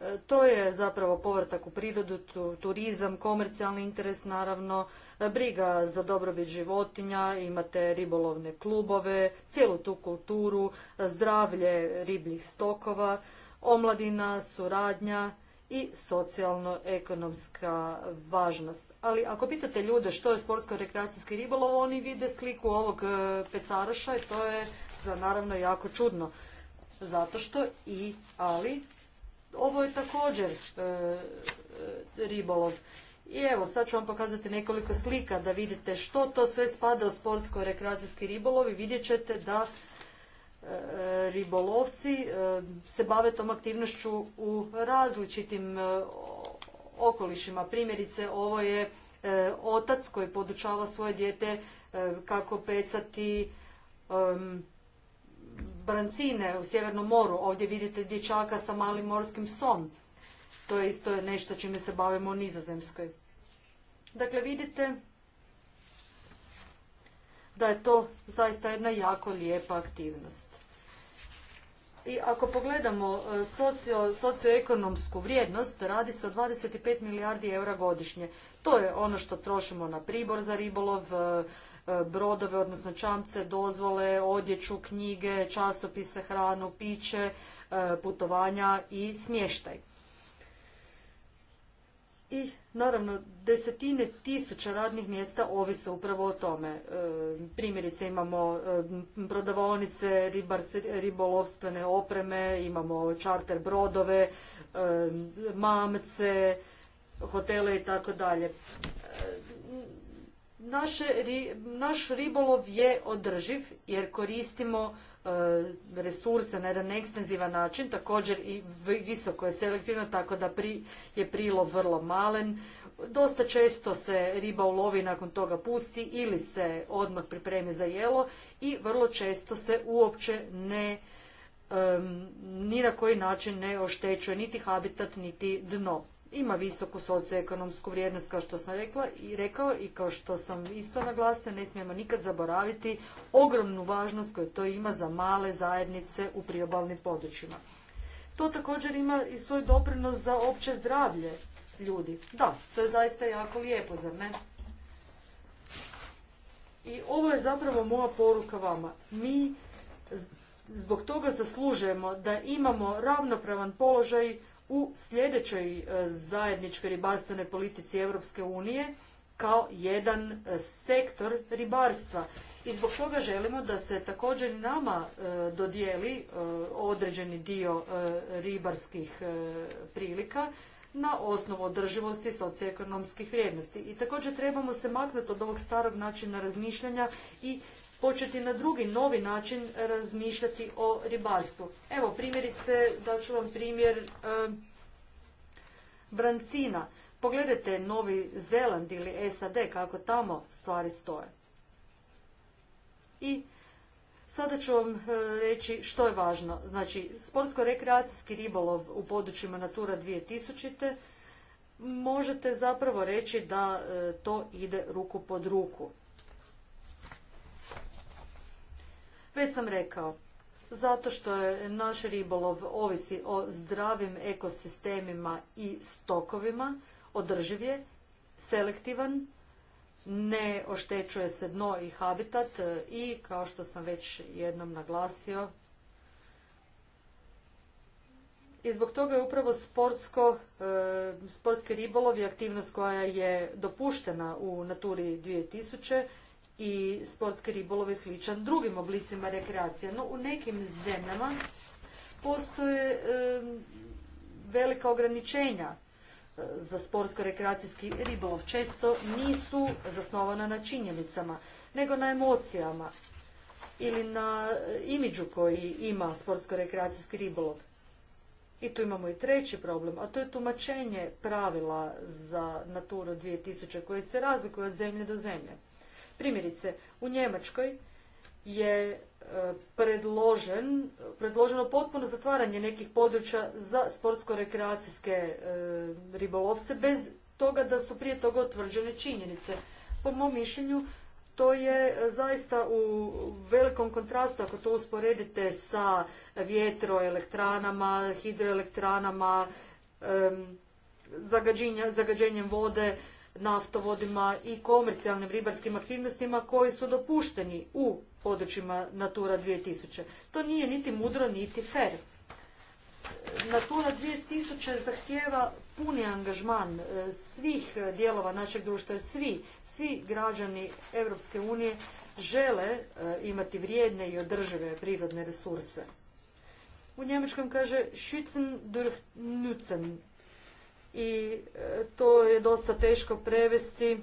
[SPEAKER 3] e, to je zapravo povratak u prirodu, turizam, komercijalni interes naravno, e, briga za dobrobit životinja, imate ribolovne klubove, cijelu tu kulturu, zdravlje ribljih stokova, omladina, suradnja, i socijalno-ekonomska važnost. Ali ako pitate ljude što je sportsko-rekreacijski ribolov, oni vide sliku ovog e, pecaroša i to je za naravno jako čudno. Zato što i, ali, ovo je također e, e, ribolov. I evo, sad ću vam pokazati nekoliko slika da vidite što to sve spada u sportsko-rekreacijski ribolov i vidjet ćete da E, ribolovci e, se bave tom aktivnošću u različitim e, okolišima. Primjerice, ovo je otac koji podučava svoje dijete kako pecati brancine u Sjevernom moru. Ovdje vidite dječaka sa malim morskim som. To je isto nešto čime se bavimo u Nizozemskoj. Dakle, vidite da je to zaista jedna jako lijepa aktivnost. I ako pogledamo e, socio, socioekonomsku vrijednost, radi se o 25 milijardi eura godišnje. To je ono što trošimo na pribor za ribolov, e, e, brodove, odnosno čamce, dozvole, odjeću, knjige, časopise, hranu, piće, putovanja i smještaj. I Naravno, desetine tisuća radnih mjesta ovise upravo o tome. E, primjerice imamo e, prodavonice, ribolovstvene opreme, imamo čarter brodove, e, mamce, hotele i tako dalje. Naš ribolov je održiv jer koristimo E, resursa na jedan ekstenzivan način, također i visoko je selektivno, tako da je prilov vrlo malen. Dosta često se riba ulovi nakon toga pusti ili se odmah pripremi za jelo i vrlo često se uopće ne ni na koji način ne oštećuje niti habitat, niti dno ima visoku socioekonomsku vrijednost kao što sam rekla i rekao i kao što sam isto naglasio ne smijemo nikad zaboraviti ogromnu važnost koju to ima za male zajednice u priobalnim područjima. To također ima i svoj doprinos za opće zdravlje ljudi. Da, to je zaista jako lijepo, zar ne? I ovo je zapravo moja poruka vama. Mi zbog toga zaslužujemo da imamo ravnopravan položaj u sljedećoj e, zajedničkoj ribarstvenoj politici Europske unije kao jedan e, sektor ribarstva. I zbog toga želimo da se također nama e, dodijeli određeni dio ribarskih prilika na osnovu održivosti socioekonomskih vrijednosti. I također trebamo se maknuti od ovog starog načina razmišljanja i početi na drugi, novi način razmišljati o ribarstvu. Evo, primjerice, ću vam primjer brancina. Pogledajte Novi Zeland ili SAD, kako tamo stvari stoje. I sada ću vam e, reći što je važno. Znači, sportsko-rekreacijski ribolov u područjima Natura 2000 možete zapravo reći da e, to ide ruku pod ruku. Već sam rekao, zato što je naš ribolov ovisi o zdravim ekosistemima i stokovima, održiv je, selektivan, ne oštećuje se dno i habitat i kao što sam već jednom naglasio i zbog toga je upravo sportsko, e, sportski ribolov i aktivnost koja je dopuštena u Naturi 2000 i sportski ribolov je sličan drugim oblicima rekreacije, No, u nekim zemljama postoje velika ograničenja e, za sportsko-rekreacijski ribolov. Često nisu zasnovana na činjenicama, nego na emocijama ili na e, imidžu koji ima sportsko-rekreacijski ribolov. I tu imamo i treći problem, a to je tumačenje pravila za Naturu 2000 koje se razlikuje od zemlje do zemlje. Primjerice, u Njemačkoj je e, predložen, predloženo potpuno zatvaranje nekih područja za sportsko-rekreacijske e, ribolovce bez toga da su prije toga otvrđene činjenice. Po mom mišljenju to je zaista u velikom kontrastu ako to usporedite sa vjetroelektranama, hidroelektranama, zagađenjem vode, naftovodima i komercijalnim ribarskim aktivnostima koji su dopušteni u područjima Natura 2000. To nije niti mudro, niti fer. Natura 2000 zahtjeva puni angažman e, svih dijelova našeg društva, jer svi, svi građani Europske unije žele e, imati vrijedne i održive prirodne resurse. U njemačkom kaže schützen durch i e, to je dosta teško prevesti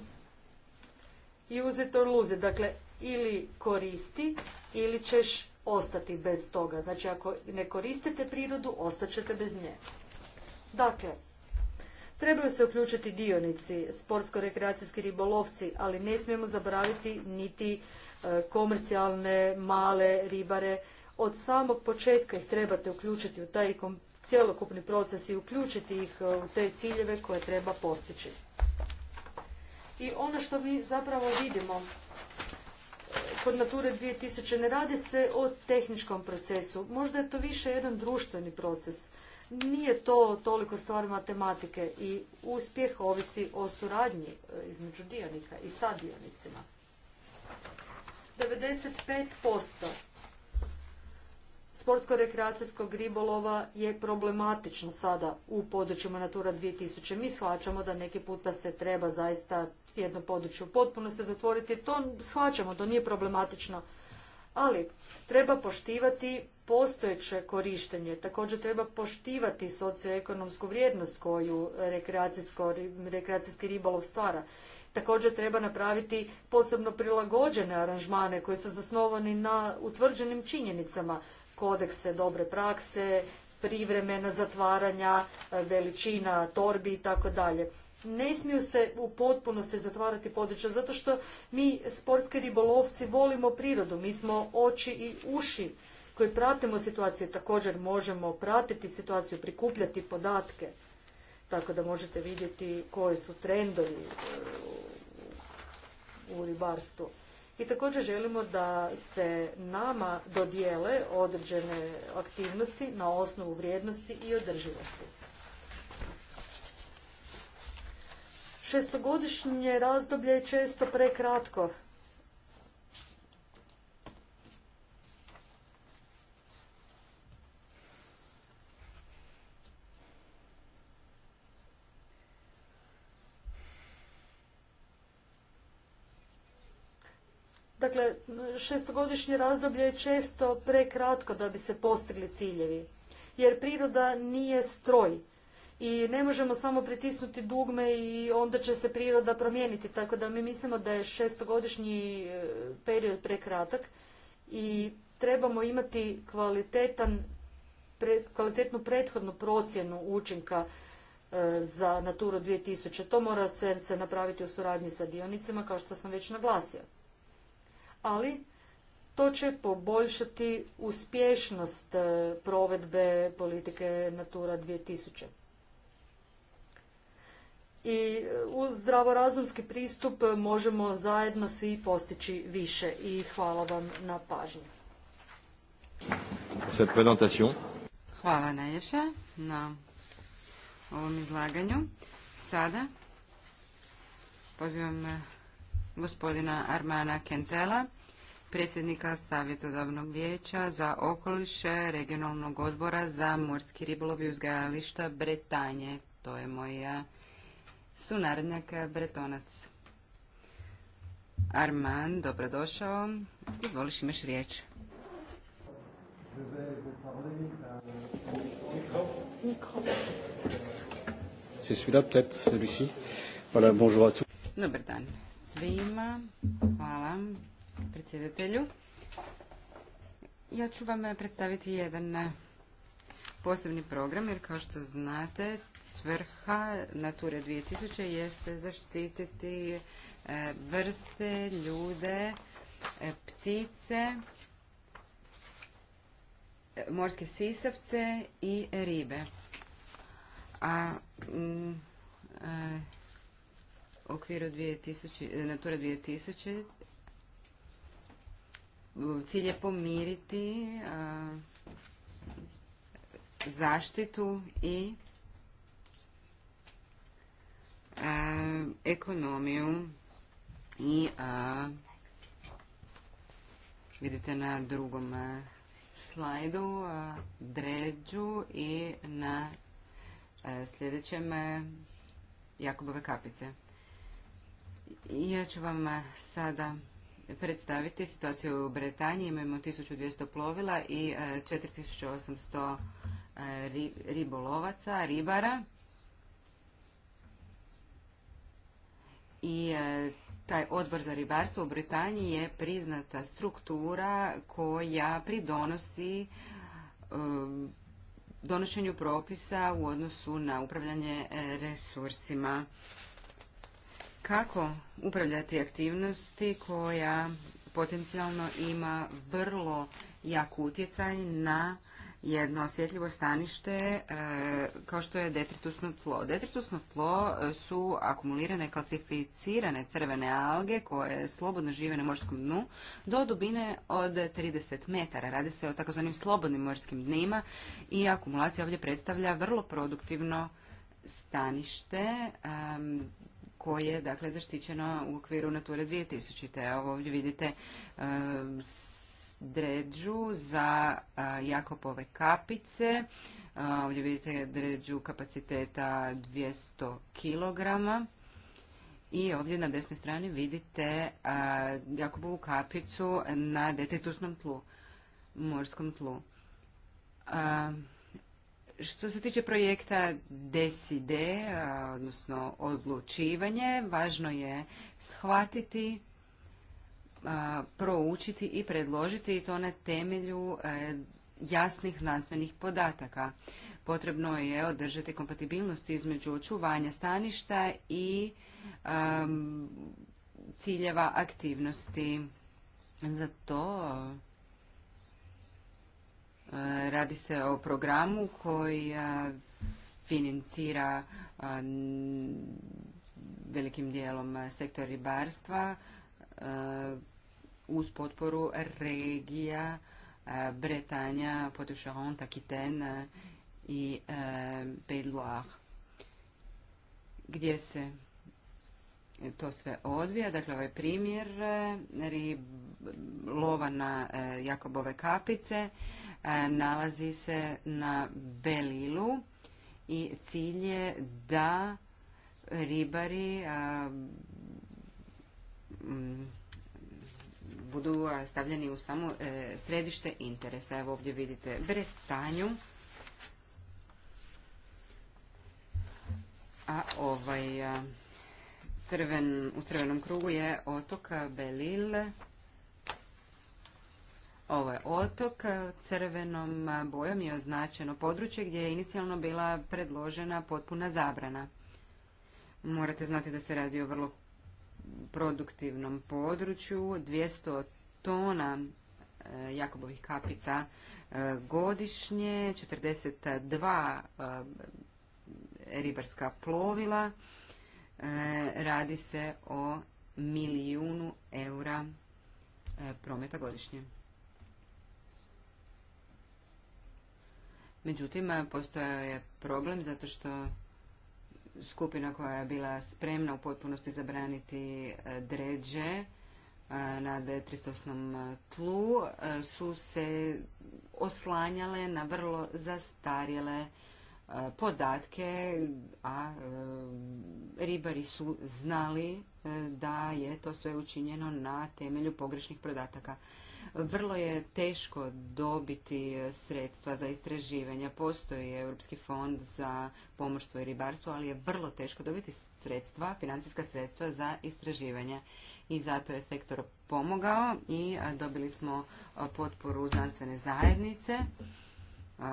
[SPEAKER 3] i uzeti or lose. Dakle, ili koristi ili ćeš ostati bez toga. Znači, ako ne koristite prirodu, ostaćete bez nje. Dakle, trebaju se uključiti dionici, sportsko-rekreacijski ribolovci, ali ne smijemo zaboraviti niti e, komercijalne, male ribare. Od samog početka ih trebate uključiti u taj cjelokupni proces i uključiti ih e, u te ciljeve koje treba postići. I ono što mi zapravo vidimo e, kod Nature 2000 ne radi se o tehničkom procesu, možda je to više jedan društveni proces. Nije to toliko stvar matematike i uspjeh ovisi o suradnji e, između dionika i sa dionicima. 95% sportsko-rekreacijskog ribolova je problematično sada u područjima Natura 2000. Mi shvaćamo da neki puta se treba zaista jedno područje potpuno se zatvoriti. To shvaćamo, to nije problematično. Ali treba poštivati postojeće korištenje. Također treba poštivati socioekonomsku vrijednost koju rekreacijski ribolov stvara. Također treba napraviti posebno prilagođene aranžmane koji su zasnovani na utvrđenim činjenicama kodekse dobre prakse, privremena zatvaranja, e, veličina torbi i tako dalje. Ne smiju se u potpuno se zatvarati područja, zato što mi sportski ribolovci volimo prirodu, mi smo oči i uši koji pratimo situaciju, također možemo pratiti situaciju, prikupljati podatke, tako da možete vidjeti koji su trendovi e, u ribarstvu i također želimo da se nama dodijele određene aktivnosti na osnovu vrijednosti i održivosti. Šestogodišnje razdoblje je često prekratko Dakle, šestogodišnje razdoblje je često prekratko da bi se postigli ciljevi, jer priroda nije stroj i ne možemo samo pritisnuti dugme i onda će se priroda promijeniti, tako da mi mislimo da je šestogodišnji e, period prekratak i trebamo imati kvalitetan, kvalitetnu prethodnu procjenu učinka e, za Naturu 2000. To mora sve se napraviti u suradnji sa dionicima, kao što sam već naglasio ali to će poboljšati uspješnost e, provedbe politike Natura 2000. I e, uz zdravorazumski pristup možemo zajedno svi postići više i hvala vam na pažnju.
[SPEAKER 2] Hvala najljepša na ovom izlaganju. Sada pozivam gospodina Armana Kentela, predsjednika Savjetodavnog vijeća za okoliš regionalnog odbora za morski ribolov i uzgajališta Bretanje. To je moja sunarodnjak Bretonac. Arman, dobrodošao. Izvoliš, imaš riječ. Dobar dan svima. Hvala predsjedatelju. Ja ću vam predstaviti jedan posebni program, jer kao što znate, svrha Nature 2000 jeste zaštititi e, vrste, ljude, e, ptice, morske sisavce i ribe. A, a mm, e, okviru 2000, e, Natura 2000 cilj je pomiriti zaštitu i ekonomiju i vidite na drugom e, slajdu dređu i na e, sljedećem Jakubove kapice. Ja ću vam eh, sada predstaviti situaciju u Bretanji. Imamo 1200 plovila i 4800 eh, eh, ribolovaca, ribara. I taj odbor za ribarstvo u Britaniji je priznata struktura koja pridonosi donošenju propisa u odnosu na upravljanje resursima kako upravljati aktivnosti koja potencijalno ima vrlo jak utjecaj na jedno osjetljivo stanište e, kao što je detritusno tlo. Detritusno tlo e, su akumulirane kalcificirane crvene alge koje slobodno žive na morskom dnu do dubine od 30 metara. Radi se o takozvanim slobodnim morskim dnima i akumulacija ovdje predstavlja vrlo produktivno stanište koje je dakle zaštićeno u okviru Nature 2000. Te ovdje vidite dređu za Jakopove kapice. Ovdje vidite dređu kapaciteta 200 kg. I ovdje na desnoj strani vidite Jakobovu kapicu na detetusnom tlu, morskom tlu. Što se tiče projekta DESIDE, odnosno odlučivanje, važno je shvatiti, proučiti i predložiti i to na temelju e, jasnih znanstvenih podataka. Potrebno je održati kompatibilnost između očuvanja staništa i ciljeva aktivnosti. Za to Radi se o programu koji financira velikim dijelom sektor ribarstva uz potporu regija Bretanja, Potušaron, Takiten i Pays gdje se to sve odvija. Dakle, ovaj primjer e, lova na e, Jakobove kapice e, nalazi se na Belilu i cilj je da ribari budu stavljeni u samo središte interesa. Evo ovdje vidite Bretanju. A ovaj crven, u crvenom krugu je otok Belil. Ovo je otok, crvenom bojom je označeno područje gdje je inicijalno bila predložena potpuna zabrana. Morate znati da se radi o vrlo produktivnom području, 200 tona eh, jakobovih kapica eh, godišnje, 42 eh, ribarska plovila, E, radi se o milijunu eura e, prometa godišnje. Međutim, e, postojao je problem zato što skupina koja je bila spremna u potpunosti zabraniti dređe na D38 tlu su se oslanjale na vrlo zastarjele E, podatke, a e, ribari su znali e, da je to sve učinjeno na temelju pogrešnih podataka. Vrlo je teško dobiti sredstva za istraživanja. Postoji Europski fond za pomorstvo i ribarstvo, ali je vrlo teško dobiti sredstva, financijska sredstva za istraživanja. I zato je sektor pomogao i dobili smo potporu znanstvene zajednice.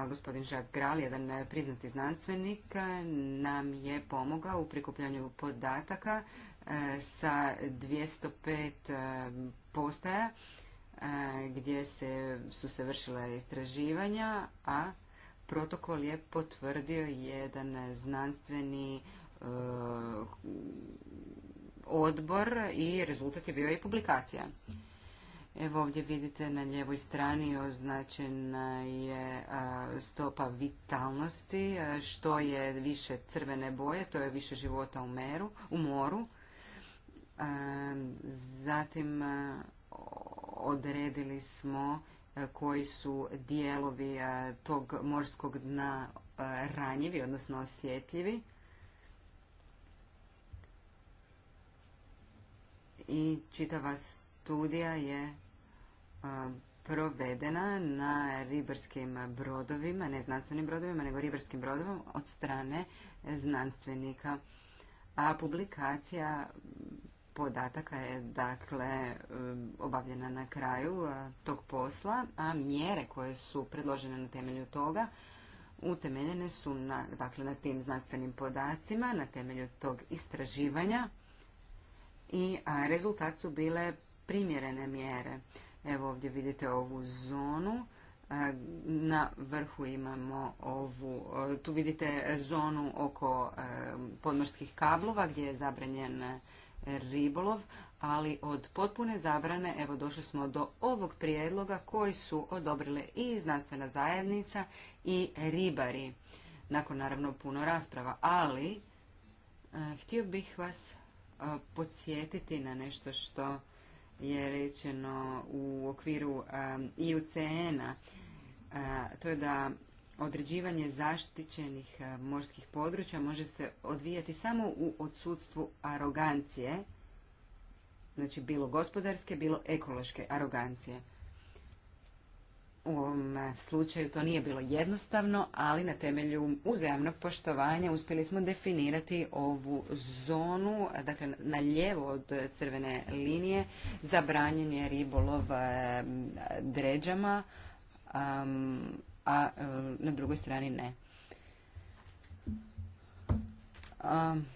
[SPEAKER 2] Gospodin Jacques Gral, jedan e, priznati znanstvenik, e, nam je pomogao u prikupljanju podataka e, sa 205 postaja gdje se, su se vršila istraživanja, a protokol je potvrdio jedan znanstveni odbor i rezultat je bio i publikacija. Evo ovdje vidite na ljevoj strani označena je stopa vitalnosti, što je više crvene boje, to je više života u, meru, u moru. Zatim odredili smo koji su dijelovi tog morskog dna ranjivi, odnosno osjetljivi. I čitava studija je provedena na ribarskim brodovima, ne znanstvenim brodovima, nego ribarskim brodovima od strane znanstvenika. A publikacija podataka je dakle obavljena na kraju tog posla, a mjere koje su predložene na temelju toga utemeljene su na, dakle, na tim znanstvenim podacima, na temelju tog istraživanja i rezultat su bile primjerene mjere. Evo ovdje vidite ovu zonu. E, na vrhu imamo ovu, e, tu vidite zonu oko e, podmorskih kablova gdje je zabranjen ribolov, ali od potpune zabrane evo došli smo do ovog prijedloga koji su odobrile i znanstvena zajednica i ribari. Nakon naravno puno rasprava, ali htio bih vas podsjetiti na nešto što je rečeno u okviru um, IUCN-a, uh, to je da određivanje zaštićenih uh, morskih područja može se odvijati samo u odsudstvu arogancije, znači bilo gospodarske, bilo ekološke arogancije. U ovom slučaju to nije bilo jednostavno, ali na temelju uzajamnog poštovanja uspjeli smo definirati ovu zonu, dakle na lijevo od crvene linije, zabranjen je ribolov e, dređama, a e, na drugoj strani ne.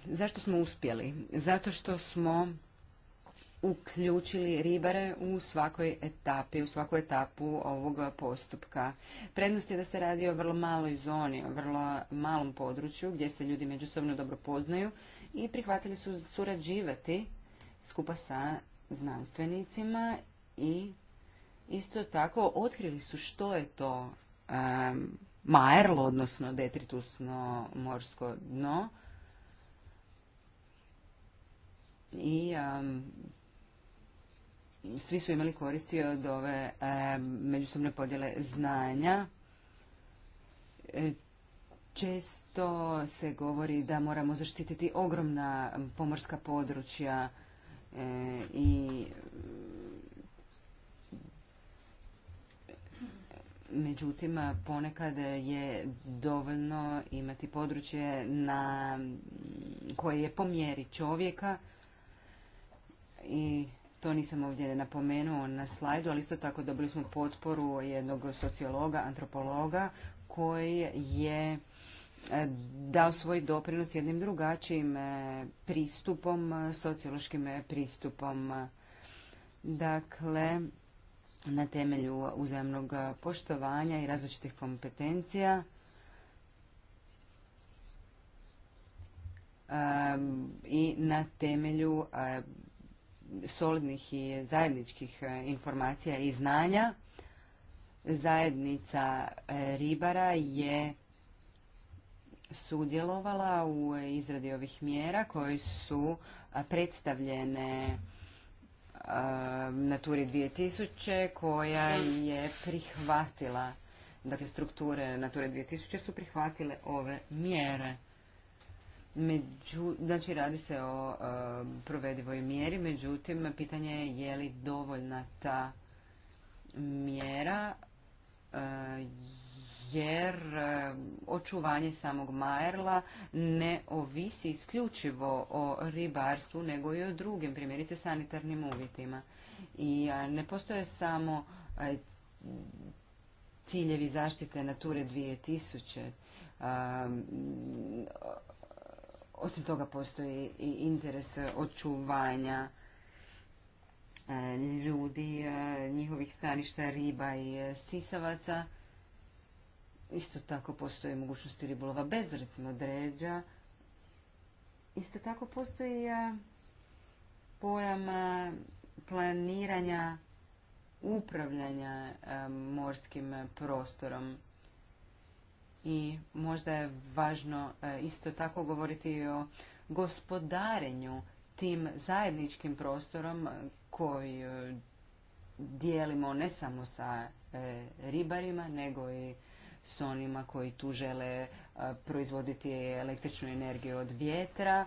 [SPEAKER 2] Zašto smo uspjeli? Zato što smo uključili ribare u svakoj etapi, u svaku etapu ovog postupka. Prednost je da se radi o vrlo maloj zoni, o vrlo malom području gdje se ljudi međusobno dobro poznaju i prihvatili su surađivati skupa sa znanstvenicima i isto tako otkrili su što je to um, odnosno detritusno morsko dno i svi su imali koristi od ove e, međusobne podjele znanja. E, često se govori da moramo zaštititi ogromna pomorska područja e, i međutim ponekad je dovoljno imati područje na koje je po mjeri čovjeka i to nisam ovdje napomenuo na slajdu, ali isto tako dobili smo potporu jednog sociologa, antropologa koji je e, dao svoj doprinos jednim drugačijim e, pristupom, sociološkim pristupom. Dakle, na temelju uzajamnog poštovanja i različitih kompetencija e, i na temelju solidnih i zajedničkih e, informacija i znanja. Zajednica e, ribara je sudjelovala u izradi ovih mjera koji su predstavljene Naturi 2000 koja je prihvatila, dakle strukture Nature 2000 su prihvatile ove mjere. Među, znači radi se o um, provedivoj mjeri, međutim pitanje je je li dovoljna ta mjera uh, jer um, očuvanje samog majerla ne ovisi isključivo o ribarstvu nego i o drugim primjerice sanitarnim uvjetima. I ne postoje samo e, ciljevi zaštite Nature 2000 osim toga postoji i interes očuvanja e, ljudi, e, njihovih staništa riba i e, sisavaca. Isto tako postoji mogućnosti ribolova bez recimo dređa. Isto tako postoji pojam planiranja upravljanja morskim prostorom i možda je važno e, isto tako govoriti o gospodarenju tim zajedničkim prostorom e, koji e, dijelimo ne samo sa ribarima, nego i s onima koji tu žele proizvoditi električnu energiju od vjetra,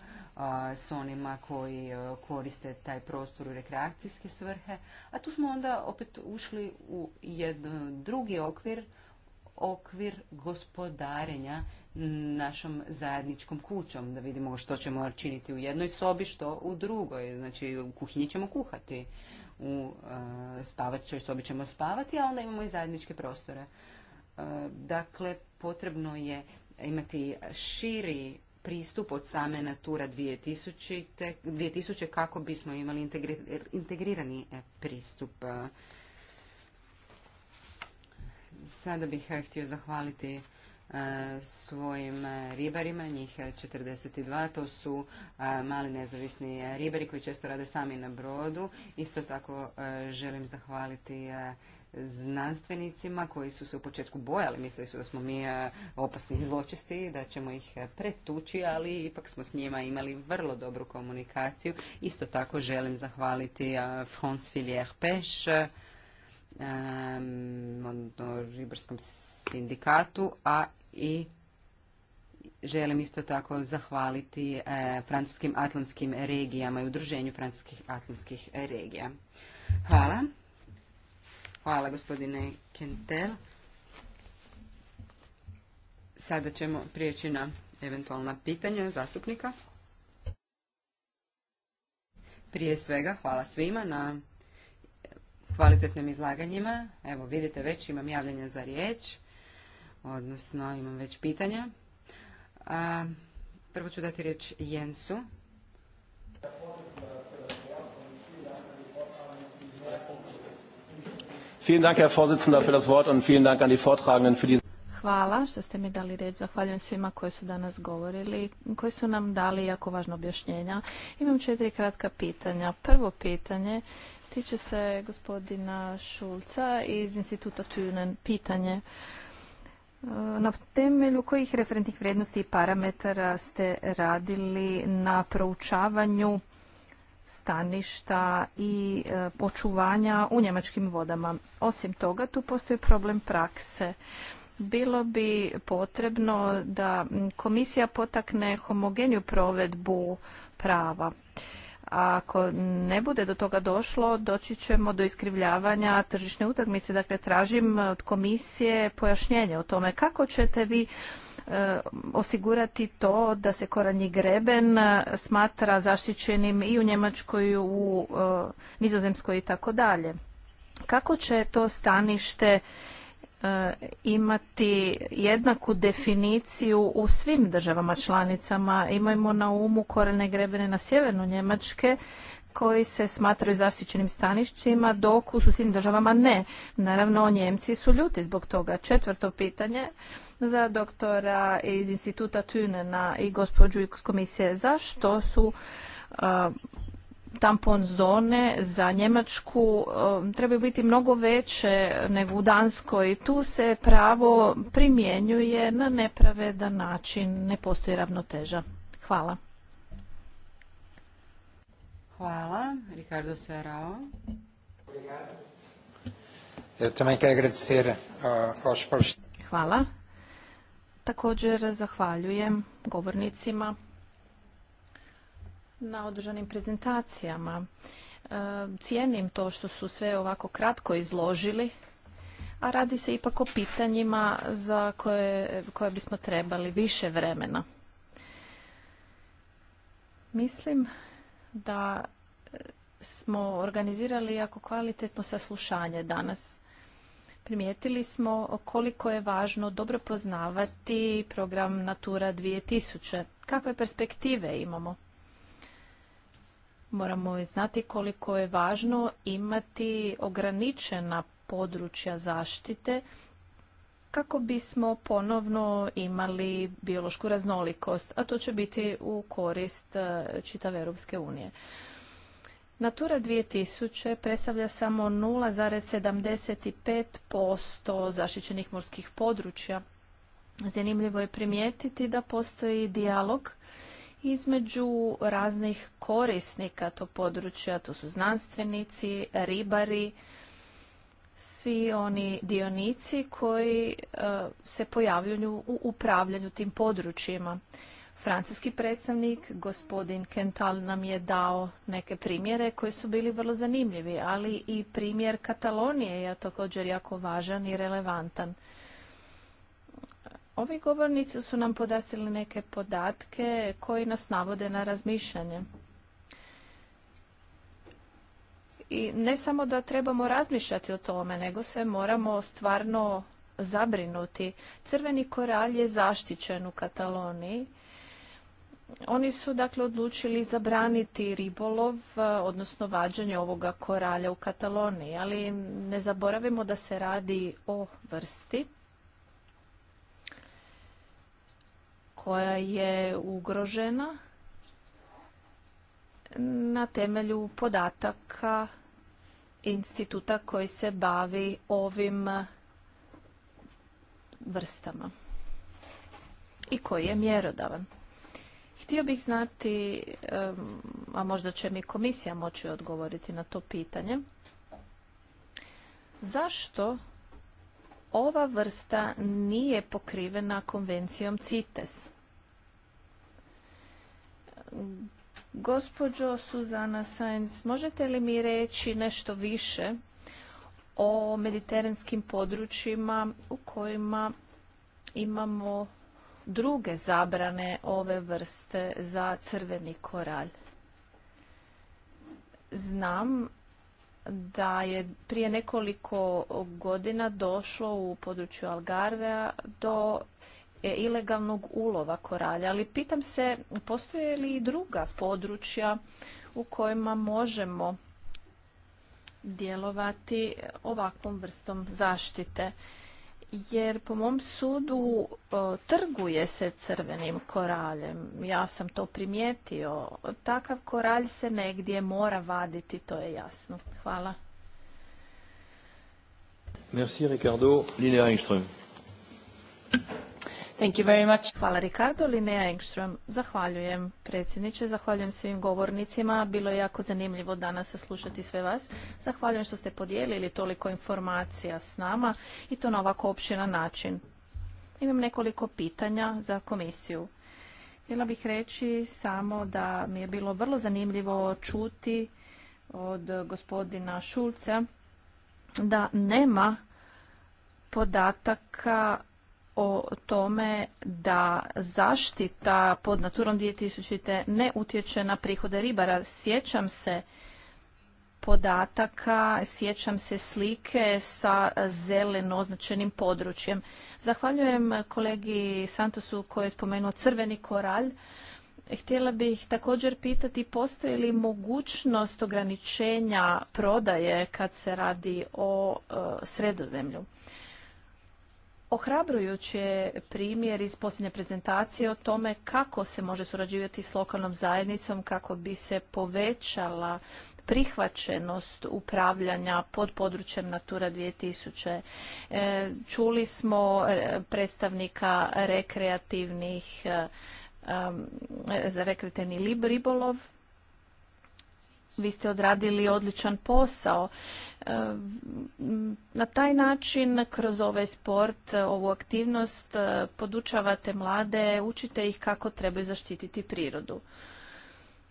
[SPEAKER 2] s onima koji koriste taj prostor u rekreacijske svrhe. A tu smo onda opet ušli u jedan drugi okvir okvir gospodarenja našom zajedničkom kućom, da vidimo što ćemo činiti u jednoj sobi, što u drugoj. Znači u kuhinji ćemo kuhati, u e, stavačoj sobi ćemo spavati, a onda imamo i zajedničke prostore. E, dakle, potrebno je imati širi pristup od same Natura 2000, 2000 kako bismo imali integrirani pristup e, Sada bih eh, htio zahvaliti eh, svojim eh, ribarima, njih 42, to su mali nezavisni ribari koji često rade sami na brodu. Isto tako želim zahvaliti znanstvenicima koji su se u početku bojali, mislili su da smo mi opasni zločesti, zločisti, da ćemo ih pretući, ali ipak smo s njima imali vrlo dobru komunikaciju. Isto tako želim zahvaliti France Filière Pêche, ribarskom sindikatu, a i želim isto tako zahvaliti e, francuskim atlantskim regijama i udruženju francuskih atlantskih regija. Hvala. Hvala gospodine Kentel. Sada ćemo prijeći na eventualna pitanja zastupnika. Prije svega hvala svima na kvalitetnim izlaganjima. Evo vidite već imam javljanja za riječ, odnosno imam već pitanja. prvo ću dati riječ Jensu.
[SPEAKER 4] Hvala što ste mi dali riječ. Zahvaljujem svima koji su danas govorili, koji su nam dali jako važno objašnjenja. Imam četiri kratka pitanja. Prvo pitanje tiče se gospodina Šulca iz instituta Tunen. Pitanje. E, na temelju kojih referentnih vrijednosti i parametara ste radili na proučavanju staništa i e, očuvanja u njemačkim vodama? Osim toga, tu postoji problem prakse. Bilo bi potrebno da komisija potakne homogeniju provedbu prava. A ako ne bude do toga došlo, doći ćemo do iskrivljavanja tržišne utakmice. Dakle, tražim od komisije pojašnjenje o tome kako ćete vi e, osigurati to da se koranji greben smatra zaštićenim i u Njemačkoj, u e, Nizozemskoj i tako dalje. Kako će to stanište E, imati jednaku definiciju u svim državama članicama. Imajmo na umu korene grebene na sjevernu Njemačke koji se smatraju zaštićenim stanišćima, dok u susjednim državama ne. Naravno, Njemci su ljuti zbog toga. Četvrto pitanje za doktora iz instituta Tunena i gospođu iz komisije. Zašto su e, tampon zone za Njemačku um, trebaju biti mnogo veće nego u Danskoj. Tu se pravo primjenjuje na nepravedan način, ne postoji ravnoteža. Hvala.
[SPEAKER 2] Hvala. Ricardo Serrao.
[SPEAKER 1] Eh,
[SPEAKER 2] Hvala.
[SPEAKER 4] Također zahvaljujem govornicima na održanim prezentacijama. E, cijenim to što su sve ovako kratko izložili, a radi se ipak o pitanjima za koje, koje bismo trebali više vremena. Mislim da smo organizirali jako kvalitetno saslušanje danas. Primijetili smo koliko je važno dobro poznavati program Natura 2000. Kakve perspektive imamo? Moramo znati koliko je važno imati ograničena područja zaštite kako bismo ponovno imali biološku raznolikost, a to će biti u korist e, čitave Europske unije. Natura 2000 predstavlja samo 0,75% zaštićenih morskih područja. Zanimljivo je primijetiti da postoji dijalog između raznih korisnika tog područja, to su znanstvenici, ribari, svi oni dionici koji e, se pojavljuju u upravljanju tim područjima. Francuski predstavnik, gospodin Kental, nam je dao neke primjere koji su bili vrlo zanimljivi, ali i primjer Katalonije je također jako važan i relevantan. Ovi govornici su nam podastili neke podatke koji nas navode na razmišljanje. I ne samo da trebamo razmišljati o tome, nego se moramo stvarno zabrinuti. Crveni koralj je zaštićen u Kataloniji. Oni su dakle odlučili zabraniti ribolov, e, odnosno vađanje ovoga koralja u Kataloniji, ali ne zaboravimo da se radi o vrsti koja je ugrožena na temelju podataka instituta koji se bavi ovim vrstama i koji je mjerodavan. Htio bih znati, a možda će mi komisija moći odgovoriti na to pitanje, zašto ova vrsta nije pokrivena konvencijom CITES? Gospođo Suzana Sainz, možete li mi reći nešto više o mediteranskim područjima u kojima imamo druge zabrane ove vrste za crveni koralj? Znam da je prije nekoliko godina došlo u području Algarvea do E, ilegalnog ulova koralja, ali pitam se postoje li i druga područja u kojima možemo djelovati ovakvom vrstom zaštite. Jer po mom sudu e, trguje se crvenim koraljem. Ja sam to primijetio. Takav koralj se negdje mora vaditi, to je jasno. Hvala.
[SPEAKER 1] Merci Ricardo.
[SPEAKER 4] Thank you Hvala Ricardo, Linea Engström. Zahvaljujem predsjedniče, zahvaljujem svim govornicima. Bilo je jako zanimljivo danas saslušati sve vas. Zahvaljujem što ste podijelili toliko informacija s nama i to na ovako opširan način. Imam nekoliko pitanja za komisiju. Htjela bih reći samo da mi je bilo vrlo zanimljivo čuti od gospodina Šulca da nema podataka o tome da zaštita pod naturom 2000. ne utječe na prihode ribara. Sjećam se podataka, sjećam se slike sa zeleno označenim područjem. Zahvaljujem kolegi Santosu koji je spomenuo crveni koralj. Htjela bih također pitati postoji li mogućnost ograničenja prodaje kad se radi o e, sredozemlju. Ohrabrujući primjer iz posljednje prezentacije o tome kako se može surađivati s lokalnom zajednicom kako bi se povećala prihvaćenost upravljanja pod područjem Natura 2000. E, čuli smo e, predstavnika rekreativnih e, za rekreteni ribolov vi ste odradili odličan posao. E, na taj način, kroz ovaj sport, ovu aktivnost, e, podučavate mlade, učite ih kako trebaju zaštititi prirodu.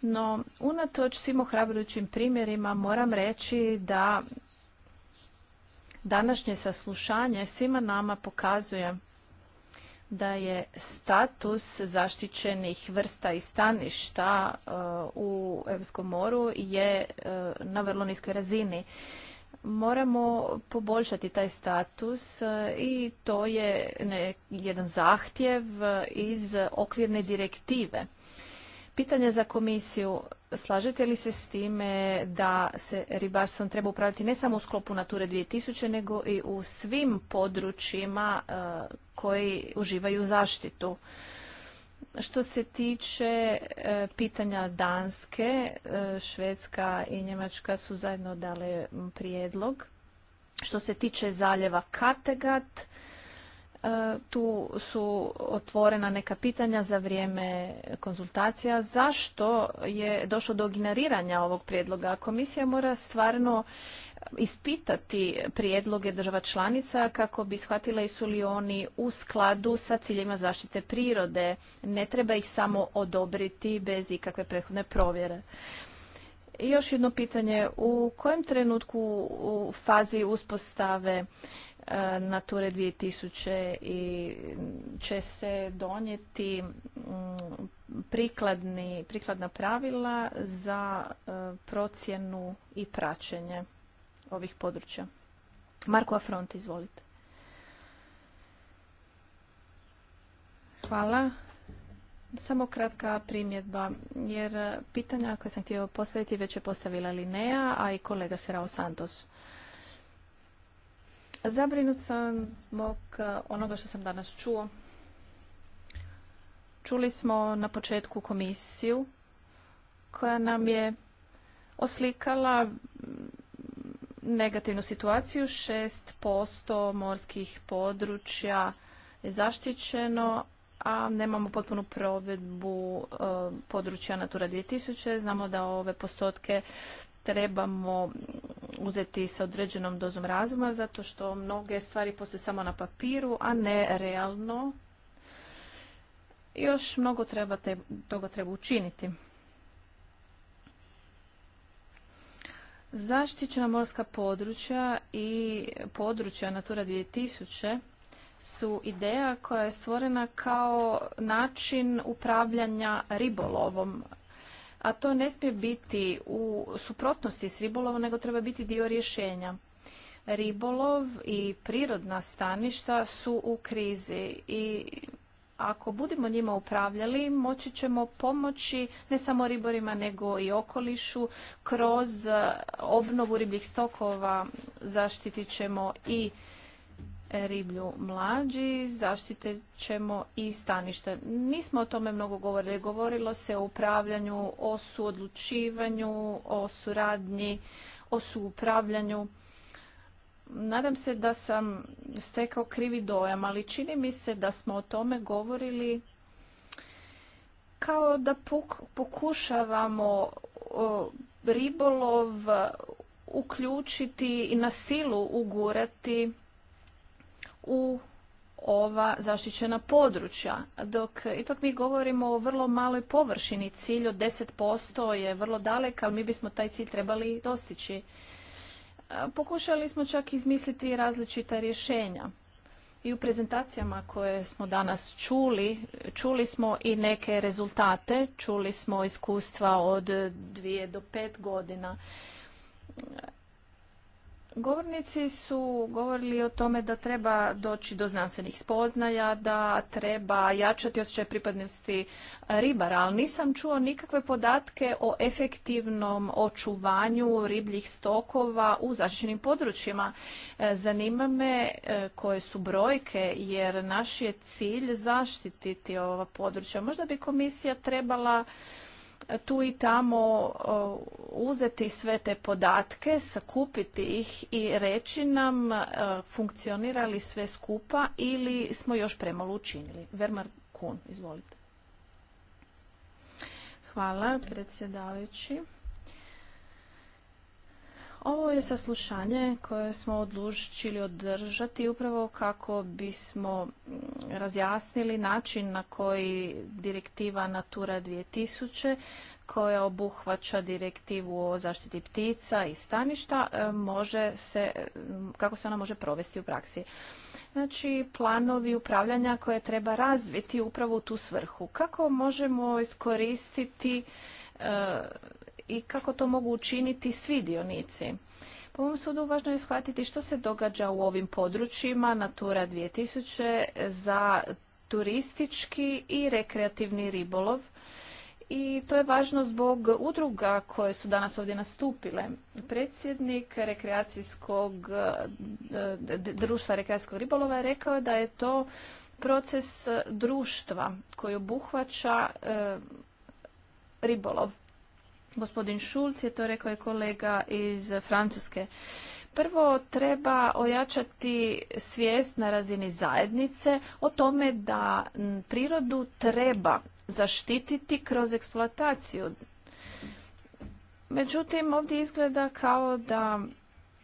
[SPEAKER 4] No, unatoč svim ohrabrujućim primjerima moram reći da današnje saslušanje svima nama pokazuje da je status zaštićenih vrsta i staništa e, u Europskom moru je e, na vrlo niskoj razini. Moramo poboljšati taj status e, i to je jedan zahtjev iz okvirne direktive. Pitanje za komisiju slažete li se s time da se ribarstvom treba upravljati ne samo u sklopu Nature 2000, nego i u svim područjima e, koji uživaju zaštitu? Što se tiče e, pitanja Danske, e, Švedska i Njemačka su zajedno dale prijedlog. Što se tiče zaljeva Kategat, E, tu su otvorena neka pitanja za vrijeme konzultacija. Zašto je došlo do generiranja ovog prijedloga? Komisija mora stvarno ispitati prijedloge država članica kako bi shvatila jesu li oni u skladu sa ciljevima zaštite prirode. Ne treba ih samo odobriti bez ikakve prethodne provjere. I još jedno pitanje. U kojem trenutku u fazi uspostave Nature 2000 i će se donijeti mm, prikladni, prikladna pravila za e, procjenu i praćenje ovih područja. Marko Afront, izvolite. Hvala. Samo kratka primjedba, jer pitanja koje sam htio postaviti već je postavila Linea, a i kolega Serao Santos. Zabrinut sam zbog e, onoga što sam danas čuo. Čuli smo na početku komisiju koja nam je oslikala negativnu situaciju. 6% morskih područja je zaštićeno, a nemamo potpunu provedbu e, područja Natura 2000. Znamo da ove postotke trebamo uzeti sa određenom dozom razuma zato što mnoge stvari postoje samo na papiru, a ne realno. Još mnogo treba toga treba učiniti. Zaštićena morska područja i područja Natura 2000 su ideja koja je stvorena kao način upravljanja ribolovom a to ne smije biti u suprotnosti s ribolovom, nego treba biti dio rješenja. Ribolov i prirodna staništa su u krizi i ako budemo njima upravljali, moći ćemo pomoći ne samo riborima, nego i okolišu. Kroz obnovu ribljih stokova zaštitit ćemo i riblju mlađi, zaštite ćemo i stanište. Nismo o tome mnogo govorili, govorilo se o upravljanju, o suodlučivanju, o suradnji, o suupravljanju. Nadam se da sam stekao krivi dojam, ali čini mi se da smo o tome govorili kao da pokušavamo ribolov uključiti i na silu ugurati u ova zaštićena područja, dok ipak mi govorimo o vrlo maloj površini. Cilj od 10% je vrlo dalek, ali mi bismo taj cilj trebali dostići. E, pokušali smo čak izmisliti različita rješenja. I u prezentacijama koje smo danas čuli, čuli smo i neke rezultate, čuli smo iskustva od dvije do pet godina Govornici su govorili o tome da treba doći do znanstvenih spoznaja, da treba jačati osjećaj pripadnosti ribara, ali nisam čuo nikakve podatke o efektivnom očuvanju ribljih stokova u zaštićenim područjima. E, zanima me e, koje su brojke, jer naš je cilj zaštititi ova područja. Možda bi komisija trebala tu i tamo uzeti sve te podatke, sakupiti ih i reći nam e, funkcionira li sve skupa ili smo još premalo učinili. Vermar Kun, izvolite. Hvala predsjedavajući. Ovo je saslušanje koje smo odlučili održati upravo kako bismo razjasnili način na koji direktiva Natura 2000 koja obuhvaća direktivu o zaštiti ptica i staništa e, može se, kako se ona može provesti u praksi. Znači, planovi upravljanja koje treba razviti upravo u tu svrhu. Kako možemo iskoristiti e, i kako to mogu učiniti svi dionici. Po mom sudu važno je shvatiti što se događa u ovim područjima Natura 2000 za turistički i rekreativni ribolov i to je važno zbog udruga koje su danas ovdje nastupile. Predsjednik rekreacijskog društva rekreacijskog ribolova je rekao da je to proces društva koji obuhvaća e, ribolov. Gospodin Šulc je to rekao i kolega iz Francuske. Prvo treba ojačati svijest na razini zajednice o tome da prirodu treba zaštititi kroz eksploataciju. Međutim, ovdje izgleda kao da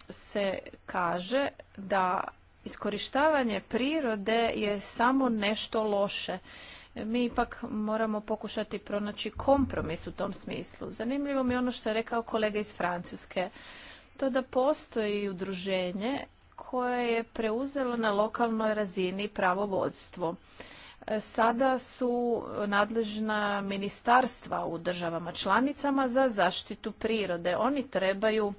[SPEAKER 4] se kaže da iskorištavanje prirode je samo nešto loše mi ipak moramo pokušati pronaći kompromis u tom smislu. Zanimljivo mi je ono što je rekao kolega iz Francuske. To da postoji udruženje koje je preuzelo na lokalnoj razini vodstvo. E, sada su nadležna ministarstva u državama članicama za zaštitu prirode. Oni trebaju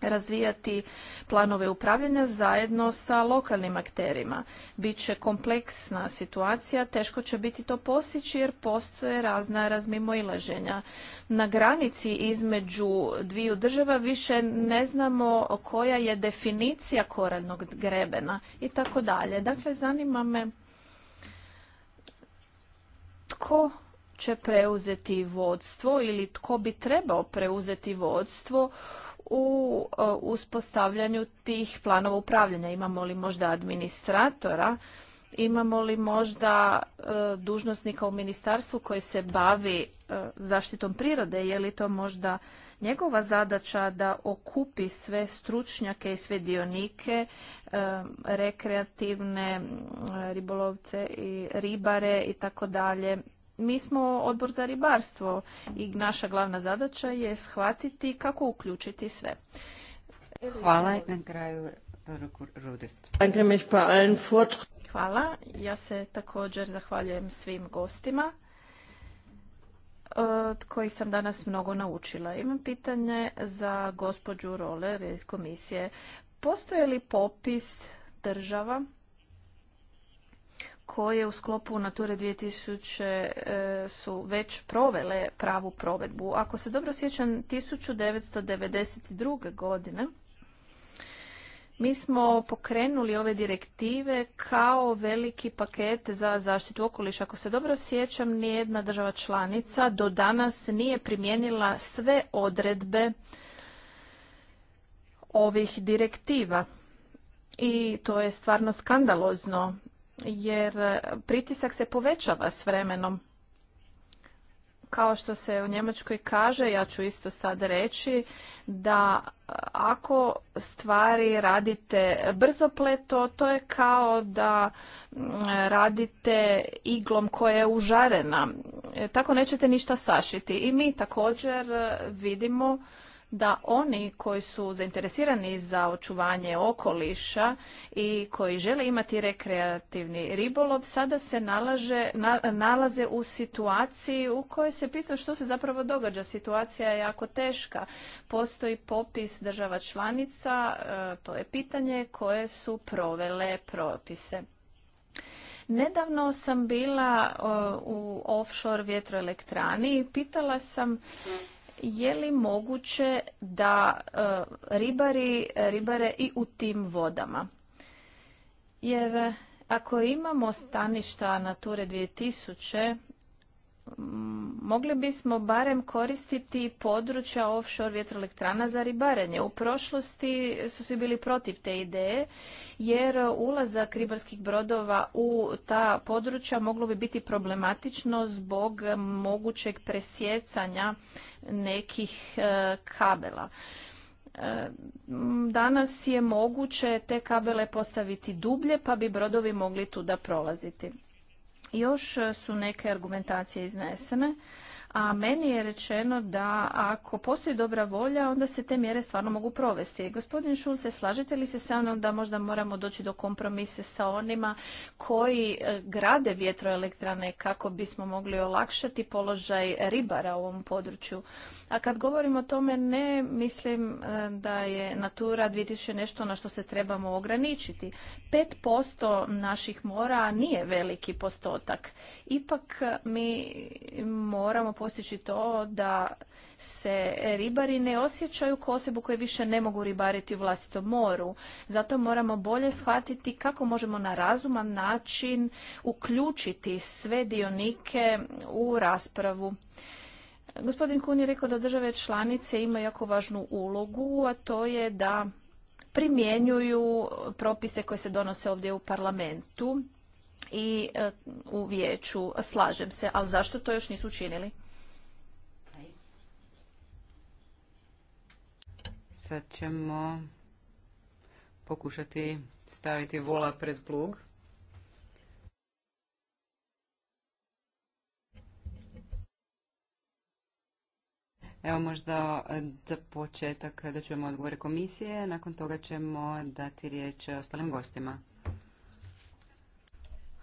[SPEAKER 4] razvijati planove upravljanja zajedno sa lokalnim akterima. Biće kompleksna situacija, teško će biti to postići jer postoje razna razmimoilaženja. Na granici između dviju država više ne znamo koja je definicija koradnog grebena i tako dalje. Dakle, zanima me tko će preuzeti vodstvo ili tko bi trebao preuzeti vodstvo u e, uspostavljanju tih planova upravljanja? Imamo li možda administratora? Imamo li možda e, dužnosnika u ministarstvu koji se bavi e, zaštitom prirode? Je li to možda njegova zadaća da okupi sve stručnjake i sve dionike, rekreativne ribolovce i ribare i tako dalje, mi smo odbor za ribarstvo i naša glavna zadaća je shvatiti kako uključiti sve.
[SPEAKER 2] Hvala na kraju Hvala. Ja se
[SPEAKER 4] također zahvaljujem svim gostima e, koji sam danas mnogo naučila. Imam pitanje za gospođu Roller iz komisije. Postoje li popis država koje u sklopu Nature 2000 e, su već provele pravu provedbu. Ako se dobro sjećam, 1992. godine mi smo pokrenuli ove direktive kao veliki paket za zaštitu okoliša. Ako se dobro sjećam, nijedna država članica do danas nije primijenila sve odredbe ovih direktiva. I to je stvarno skandalozno jer pritisak se povećava s vremenom. Kao što se u Njemačkoj kaže, ja ću isto sad reći, da ako stvari radite brzopleto, to je kao da mm, radite iglom koja je užarena. E, tako nećete ništa sašiti. I mi također vidimo da oni koji su zainteresirani za očuvanje okoliša i koji žele imati rekreativni ribolov sada se nalaze u situaciji u kojoj se pita što se zapravo događa. Situacija je jako teška. Postoji popis država članica, e, to je pitanje koje su provele propise. Nedavno sam bila e, u offshore vjetroelektrani i pitala sam je li moguće da e, ribari ribare i u tim vodama? Jer ako imamo staništa Nature 2000 Mm, mogli bismo barem koristiti područja offshore vjetroelektrana za ribarenje. U prošlosti su svi bili protiv te ideje jer ulazak ribarskih brodova u ta područja moglo bi biti problematično zbog mogućeg presjecanja nekih e, kabela. E, danas je moguće te kabele postaviti dublje pa bi brodovi mogli da prolaziti. Još su neke argumentacije iznesene a meni je rečeno da ako postoji dobra volja, onda se te mjere stvarno mogu provesti. Gospodin Šulce, slažete li se sa mnom da možda moramo doći do kompromise sa onima koji e, grade vjetroelektrane kako bismo mogli olakšati položaj ribara u ovom području? A kad govorimo o tome, ne mislim e, da je natura 2000 nešto na što se trebamo ograničiti. 5% naših mora nije veliki postotak. Ipak e, mi moramo postići to da se ribari ne osjećaju kao osobu koje više ne mogu ribariti u vlastitom moru. Zato moramo bolje shvatiti kako možemo na razuman način uključiti sve dionike u raspravu. Gospodin Kun je rekao da države članice imaju jako važnu ulogu, a to je da primjenjuju propise koje se donose ovdje u parlamentu i e, u vijeću. Slažem se, ali zašto to još nisu učinili?
[SPEAKER 2] Sad ćemo pokušati staviti vola pred plug. Evo možda za početak da ćemo odgovore komisije, nakon toga ćemo dati riječ ostalim gostima.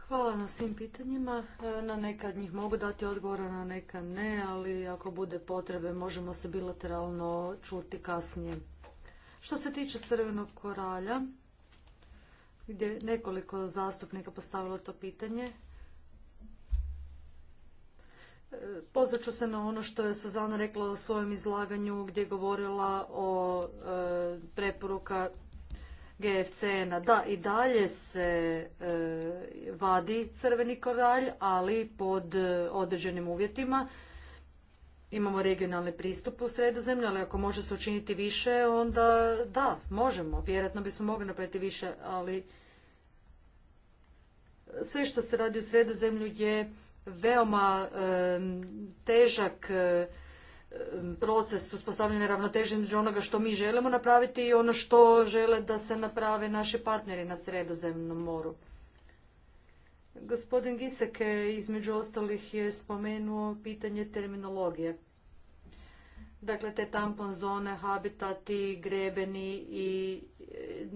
[SPEAKER 3] Hvala na svim pitanjima. E, na neka od njih mogu dati odgovore na neka ne, ali ako bude potrebe možemo se bilateralno čuti kasnije. Što se tiče crvenog koralja, gdje je nekoliko zastupnika postavilo to pitanje, Pozvat ću se na ono što je Suzana rekla u svojem izlaganju gdje je govorila o e, preporuka GFCN-a. Da, i dalje se e, vadi crveni koralj, ali pod e, određenim uvjetima imamo regionalni pristup u sredozemlju, ali ako može se učiniti više, onda da, možemo. Vjerojatno bismo mogli napraviti više, ali sve što se radi u sredozemlju je veoma težak proces uspostavljanja ravnoteže između onoga što mi želimo napraviti i ono što žele da se naprave naši partneri na sredozemnom moru. Gospodin Giseke između ostalih je spomenuo pitanje terminologije. Dakle, te tampon zone, habitati, grebeni i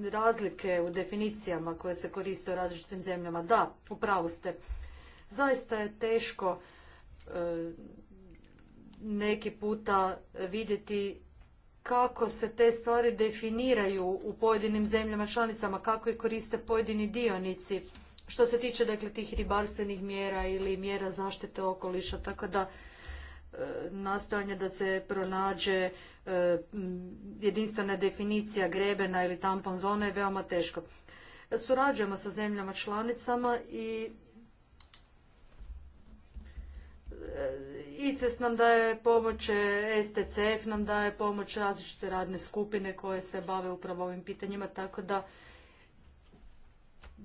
[SPEAKER 3] e, razlike u definicijama koje se koriste u različitim zemljama. Da, upravo ste. Zaista je teško e, neki puta vidjeti kako se te stvari definiraju u pojedinim zemljama članicama, kako ih koriste pojedini dionici što se tiče dakle, tih ribarstvenih mjera ili mjera zaštite okoliša, tako da e, nastojanje da se pronađe e, jedinstvena definicija grebena ili tampon zone je veoma teško. Surađujemo sa zemljama članicama i e, ICES nam daje pomoć, STCF nam daje pomoć, različite radne skupine koje se bave upravo ovim pitanjima, tako da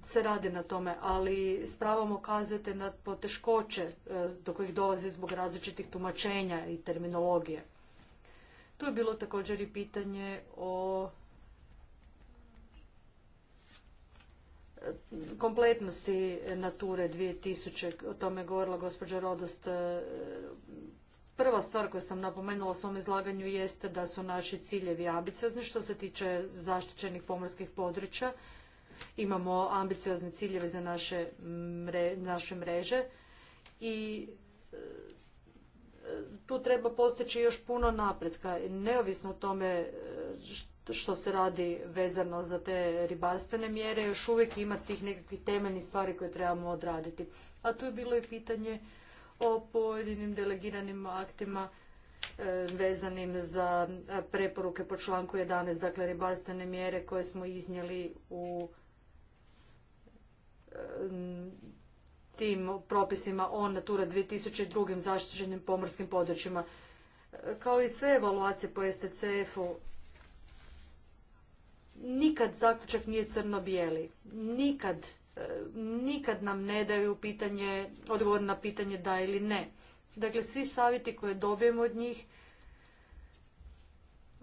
[SPEAKER 3] se radi na tome, ali s pravom ukazujete na poteškoće e, do kojih dolazi zbog različitih tumačenja i terminologije. Tu je bilo također i pitanje o e, kompletnosti Nature 2000, o tome je govorila gospođa Rodost. E, prva stvar koju sam napomenula u svom izlaganju jeste da su naši ciljevi ambiciozni što se tiče zaštićenih pomorskih područja, imamo ambiciozne ciljeve za naše, mreže i e, tu treba postići još puno napretka, neovisno o tome e, što se radi vezano za te ribarstvene mjere, još uvijek ima tih nekakvih temeljnih stvari koje trebamo odraditi. A tu je bilo i pitanje o pojedinim delegiranim aktima e, vezanim za preporuke po članku 11, dakle ribarstvene mjere koje smo iznijeli u E, tim propisima ON Natura 2000 i drugim zaštićenim pomorskim područjima. E, kao i sve evaluacije po STCF-u, nikad zaključak nije crno-bijeli. Nikad, e, nikad nam ne daju pitanje, odgovor na pitanje da ili ne. Dakle, svi savjeti koje dobijemo od njih,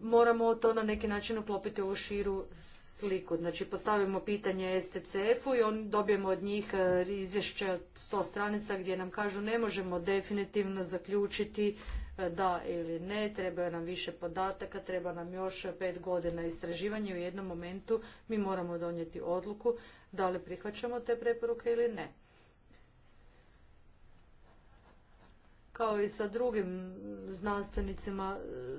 [SPEAKER 3] moramo to na neki način uklopiti u širu sliku. Znači postavimo pitanje STCF-u i on, dobijemo od njih e, izvješće sto stranica gdje nam kažu ne možemo definitivno zaključiti e, da ili ne, treba nam više podataka, treba nam još pet godina istraživanja i u jednom momentu mi moramo donijeti odluku da li prihvaćamo te preporuke ili ne. kao i sa drugim znanstvenicima,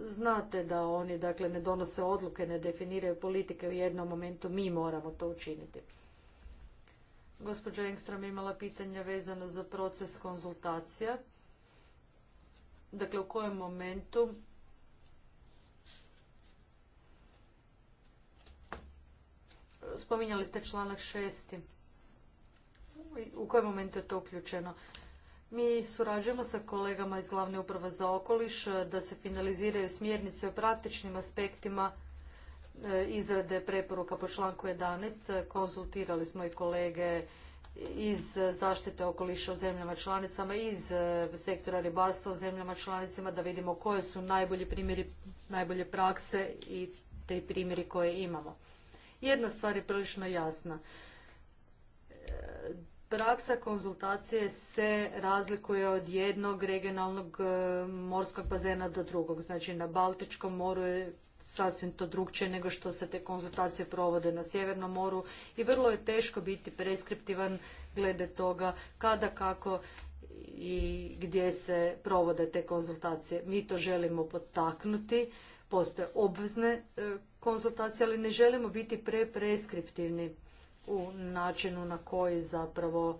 [SPEAKER 3] znate da oni dakle ne donose odluke, ne definiraju politike u jednom momentu, mi moramo to učiniti. Gospođa Engstrom imala pitanja vezano za proces konzultacija. Dakle, u kojem momentu spominjali ste članak šesti. U kojem momentu je to uključeno? Mi surađujemo sa kolegama iz Glavne uprave za okoliš eh, da se finaliziraju smjernice o praktičnim aspektima eh, izrade preporuka po članku 11. Konzultirali smo i kolege iz zaštite okoliša u zemljama članicama, iz eh, sektora ribarstva u zemljama članicama, da vidimo koje su najbolji primjeri, najbolje prakse i te primjeri koje imamo. Jedna stvar je prilično jasna Praksa konzultacije se razlikuje od jednog regionalnog e, morskog bazena do drugog. Znači na Baltičkom moru je sasvim to drugčije nego što se te konzultacije provode na Sjevernom moru i vrlo je teško biti preskriptivan glede toga kada, kako i gdje se provode te konzultacije. Mi to želimo potaknuti, postoje obvezne e, konzultacije, ali ne želimo biti prepreskriptivni u načinu na koji zapravo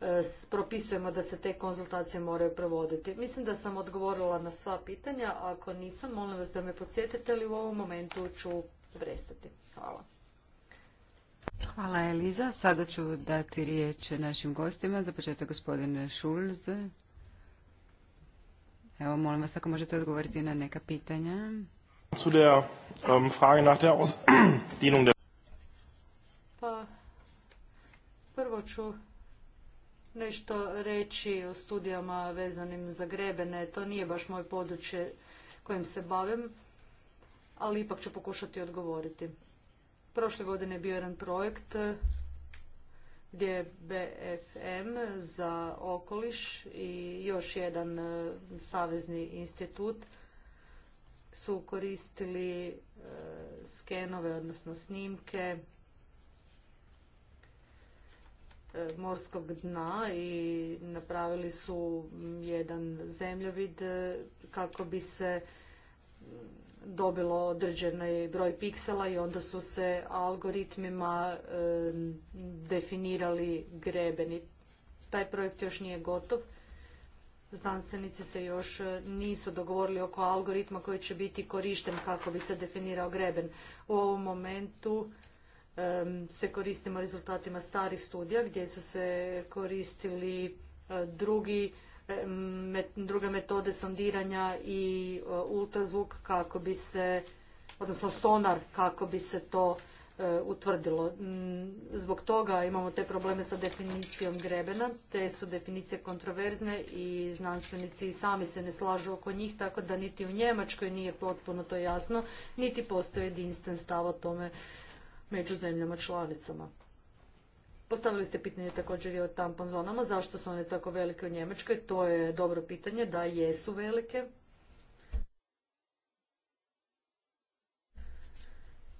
[SPEAKER 3] e, propisujemo da se te konzultacije moraju provoditi. Mislim da sam odgovorila na sva pitanja, ako nisam, molim vas da me podsjetite ali u ovom momentu ću prestati. Hvala.
[SPEAKER 2] Hvala Eliza. Sada ću dati riječ našim gostima. Za početak gospodine Šulz. Evo, molim vas ako možete odgovoriti na neka pitanja.
[SPEAKER 1] Zu der ähm, Frage nach der Ausdehnung
[SPEAKER 3] Pa prvo ću nešto reći o studijama vezanim za grebene. To nije baš moje područje kojim se bavim, ali ipak ću pokušati odgovoriti. Prošle godine je bio jedan projekt gdje je BFM za okoliš i još jedan e, savezni institut su koristili e, skenove, odnosno snimke E, morskog dna i napravili su jedan zemljovid e, kako bi se dobilo određeni broj piksela i onda su se algoritmima e, definirali grebeni. Taj projekt još nije gotov. Znanstvenici se još nisu dogovorili oko algoritma koji će biti korišten kako bi se definirao greben. U ovom momentu se koristimo rezultatima starih studija gdje su se koristili e, drugi e, druge metode sondiranja i e, ultrazvuk kako bi se, odnosno sonar kako bi se to utvrdilo. Zbog toga imamo te probleme sa definicijom grebena, te su definicije kontroverzne i znanstvenici sami se ne slažu oko njih, tako da niti u Njemačkoj nije potpuno to jasno, niti postoji jedinstven stav o tome među zemljama članicama. Postavili ste pitanje također i o tampon zonama, zašto su one tako velike u Njemačkoj, to je dobro pitanje, da jesu velike.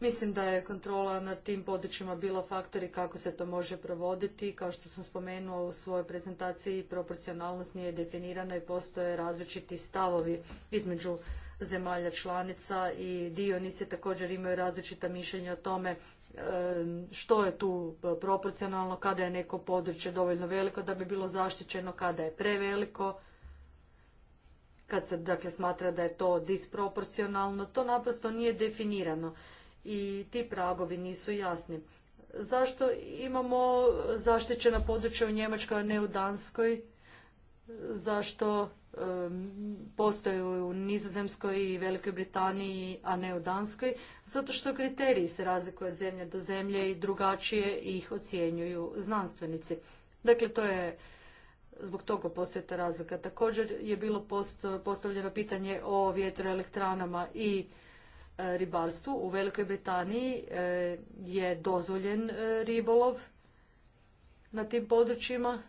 [SPEAKER 3] Mislim da je kontrola nad tim područjima bila faktor i kako se to može provoditi. Kao što sam spomenuo u svojoj prezentaciji, proporcionalnost nije definirana i postoje različiti stavovi između zemalja članica i dionici također imaju različita mišljenja o tome E, što je tu proporcionalno, kada je neko područje dovoljno veliko da bi bilo zaštićeno, kada je preveliko, kad se dakle smatra da je to disproporcionalno, to naprosto nije definirano i ti pragovi nisu jasni. Zašto imamo zaštićena područja u Njemačkoj, a ne u Danskoj? Zašto postoje u Nizozemskoj i Velikoj Britaniji, a ne u Danskoj, zato što kriteriji se razlikuju od zemlje do zemlje i drugačije ih ocjenjuju znanstvenici. Dakle, to je zbog toga postoje ta razlika. Također je bilo postavljeno pitanje o vjetroelektranama i e, ribarstvu. U Velikoj Britaniji e, je dozvoljen e, ribolov na tim područjima,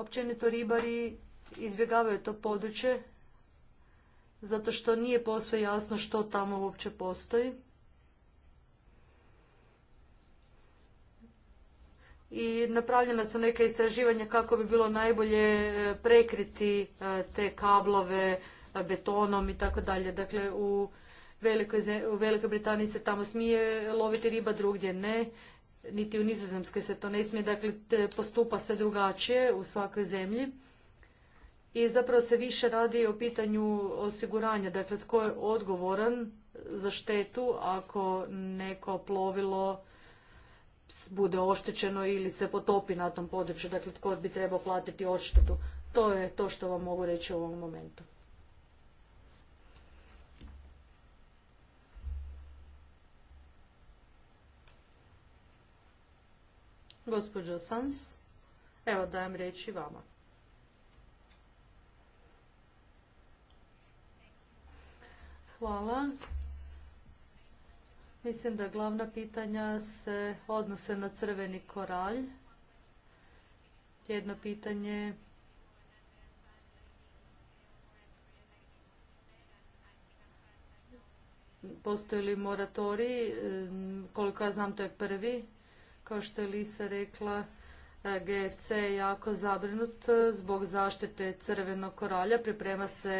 [SPEAKER 3] općenito ribari izbjegavaju to područje zato što nije posve jasno što tamo uopće postoji. I napravljena su neka istraživanja kako bi bilo najbolje e, prekriti e, te kablove e, betonom i tako dalje. Dakle, u Velikoj, u Velikoj Britaniji se tamo smije loviti riba, drugdje ne niti u Nizozemskoj se to ne smije, dakle postupa se drugačije u svakoj zemlji. I zapravo se više radi o pitanju osiguranja, dakle tko je odgovoran za štetu ako neko plovilo bude oštećeno ili se potopi na tom području, dakle tko bi trebao platiti odštetu. To je to što vam mogu reći u ovom momentu. Gospođo Sans, evo dajem riječ i vama. Hvala. Mislim da glavna pitanja se odnose na crveni koralj. Jedno pitanje postoji li moratorij, koliko ja znam to je prvi kao što je Lisa rekla, e, GFC je jako zabrinut e, zbog zaštite crvenog koralja. Priprema se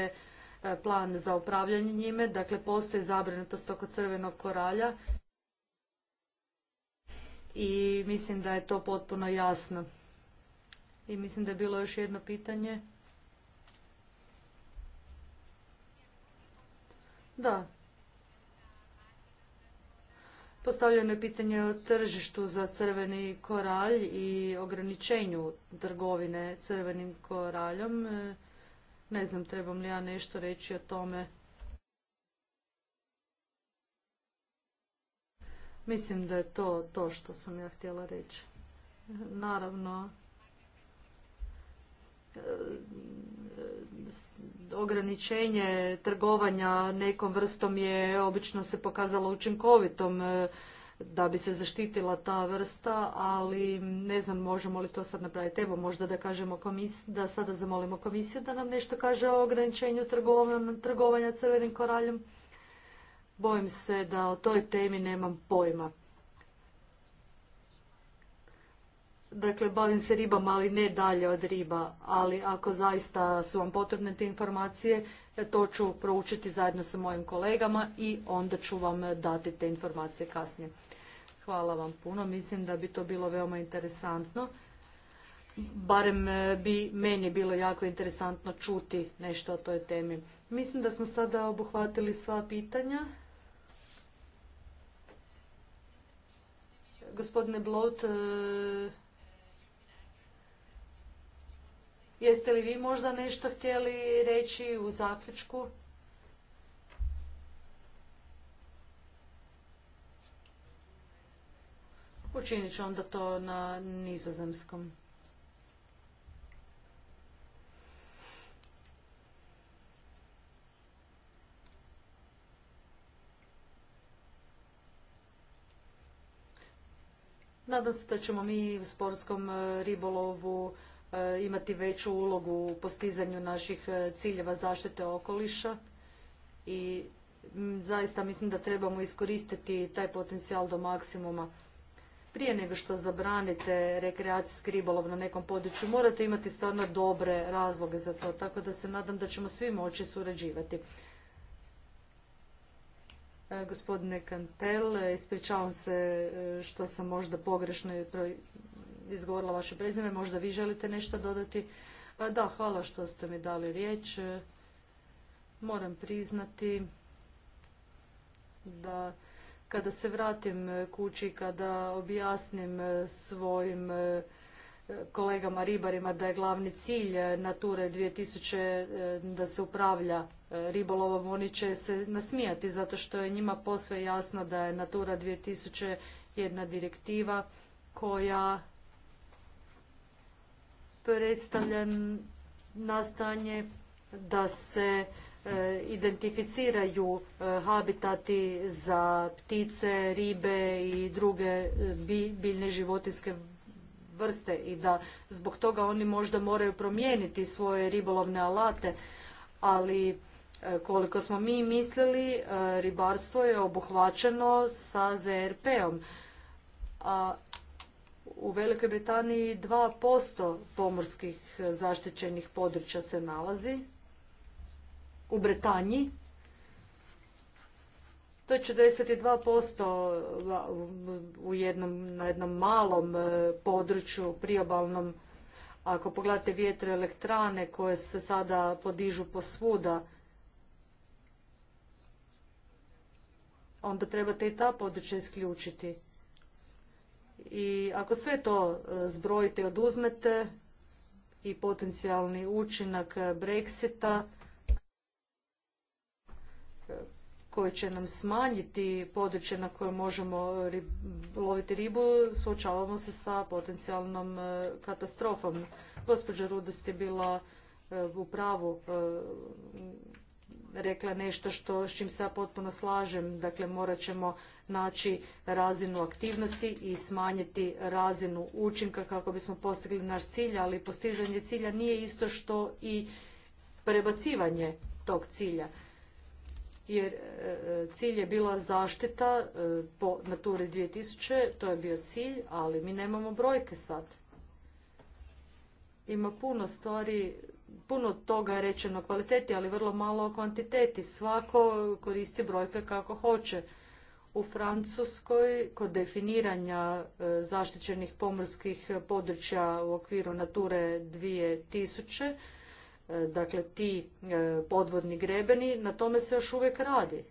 [SPEAKER 3] e, plan za upravljanje njime, dakle postoji zabrinutost oko crvenog koralja i mislim da je to potpuno jasno. I mislim da je bilo još jedno pitanje. Da, Postavljeno je pitanje o tržištu za crveni koralj i ograničenju trgovine crvenim koraljom. E, ne znam, trebam li ja nešto reći o tome. Mislim da je to to što sam ja htjela reći. Naravno, ograničenje trgovanja nekom vrstom je obično se pokazalo učinkovitom e, da bi se zaštitila ta vrsta, ali ne znam možemo li to sad napraviti. Evo možda da kažemo komis, da sada zamolimo komisiju da nam nešto kaže o ograničenju trgovanja crvenim koraljem. Bojim se da o toj temi nemam pojma. Dakle, bavim se ribama, ali ne dalje od riba. Ali ako zaista su vam potrebne te informacije, e, to ću proučiti zajedno sa mojim kolegama i onda ću vam dati te informacije kasnije. Hvala vam puno, mislim da bi to bilo veoma interesantno. Barem e, bi meni bilo jako interesantno čuti nešto o toj temi. Mislim da smo sada obuhvatili sva pitanja. Gospodine Blot, e, Jeste li vi možda nešto htjeli reći u zaključku? Učinit ću onda to na nizozemskom. Nadam se da ćemo mi u sportskom ribolovu E, imati veću ulogu u postizanju naših e, ciljeva zaštite okoliša i zaista mislim da trebamo iskoristiti taj potencijal do maksimuma. Prije nego što zabranite rekreacijski ribolov na nekom području, morate imati stvarno dobre razloge za to, tako da se nadam da ćemo svi moći surađivati. E, gospodine Kantel, ispričavam se što sam možda pogrešno izgovorila vaše prezime, možda vi želite nešto dodati. Da, hvala što ste mi dali riječ. E, moram priznati da kada se vratim e, kući, kada objasnim e, svojim kolegama ribarima da je glavni cilj Nature 2000 da se upravlja ribolovom, oni će se nasmijati zato što je njima posve jasno da je Natura 2000 jedna direktiva koja predstavljam nastojanje da se e, identificiraju e, habitati za ptice, ribe i druge e, biljne životinske vrste i da zbog toga oni možda moraju promijeniti svoje ribolovne alate, ali koliko smo mi mislili, ribarstvo je obuhvaćeno sa ZRP-om. A u Velikoj Britaniji 2% pomorskih zaštićenih područja se nalazi. U Britaniji to je 42% u jednom, na jednom malom e, području priobalnom. Ako pogledate vjetroelektrane koje se sada podižu posvuda, onda trebate i ta područja isključiti. I ako sve to e, zbrojite i oduzmete i potencijalni učinak e, Brexita e, koji će nam smanjiti područje na koje možemo loviti ribu, suočavamo se sa potencijalnom katastrofom. Gospođa Rudest je bila u pravu rekla nešto s čim se ja potpuno slažem. Dakle, morat ćemo naći razinu aktivnosti i smanjiti razinu učinka kako bismo postigli naš cilj, ali postizanje cilja nije isto što i prebacivanje tog cilja. Jer e, cilj je bila zaštita e, po Naturi 2000, to je bio cilj, ali mi nemamo brojke sad. Ima puno stvari puno toga je rečeno kvaliteti, ali vrlo malo o kvantiteti. Svako koristi brojke kako hoće. U Francuskoj kod definiranja e, zaštićenih pomorskih područja u okviru Nature 2000, e, dakle ti e, podvodni grebeni, na tome se još uvijek radi.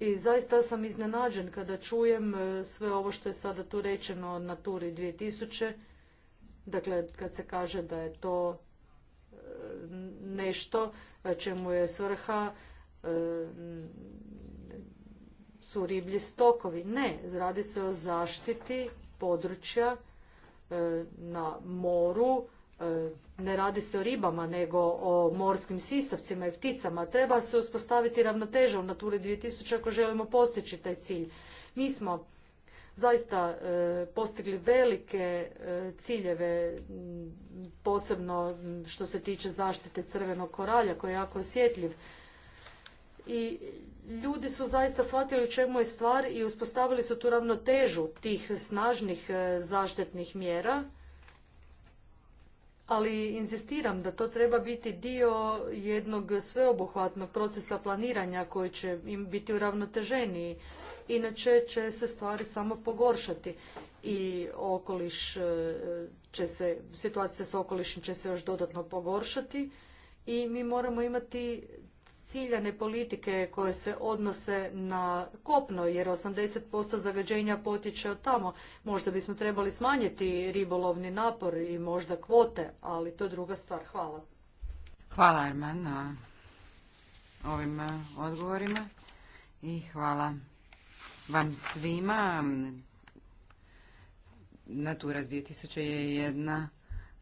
[SPEAKER 3] I zaista sam iznenađen kada čujem sve ovo što je sada tu rečeno o Naturi 2000 Dakle, kad se kaže da je to e, nešto e, čemu je svrha e, su riblji stokovi. Ne, radi se o zaštiti područja na moru, ne radi se o ribama, nego o morskim sisavcima i pticama. Treba se uspostaviti ravnoteža u Naturi 2000 ako želimo postići taj cilj. Mi smo zaista e, postigli velike e, ciljeve, posebno što se tiče zaštite crvenog koralja koji je jako osjetljiv. I ljudi su zaista shvatili u čemu je stvar i uspostavili su tu ravnotežu tih snažnih e, zaštitnih mjera ali inzistiram da to treba biti dio jednog sveobuhvatnog procesa planiranja koji će im biti uravnoteženiji inače će se stvari samo pogoršati i okoliš e, će se, situacija s okolišem će se još dodatno pogoršati i mi moramo imati ciljane politike koje se odnose na kopno, jer 80% zagađenja potiče od tamo. Možda bismo trebali smanjiti ribolovni napor i možda kvote, ali to je druga stvar. Hvala.
[SPEAKER 2] Hvala Arman na ovim e, odgovorima i hvala vam svima. Natura 2000 je jedna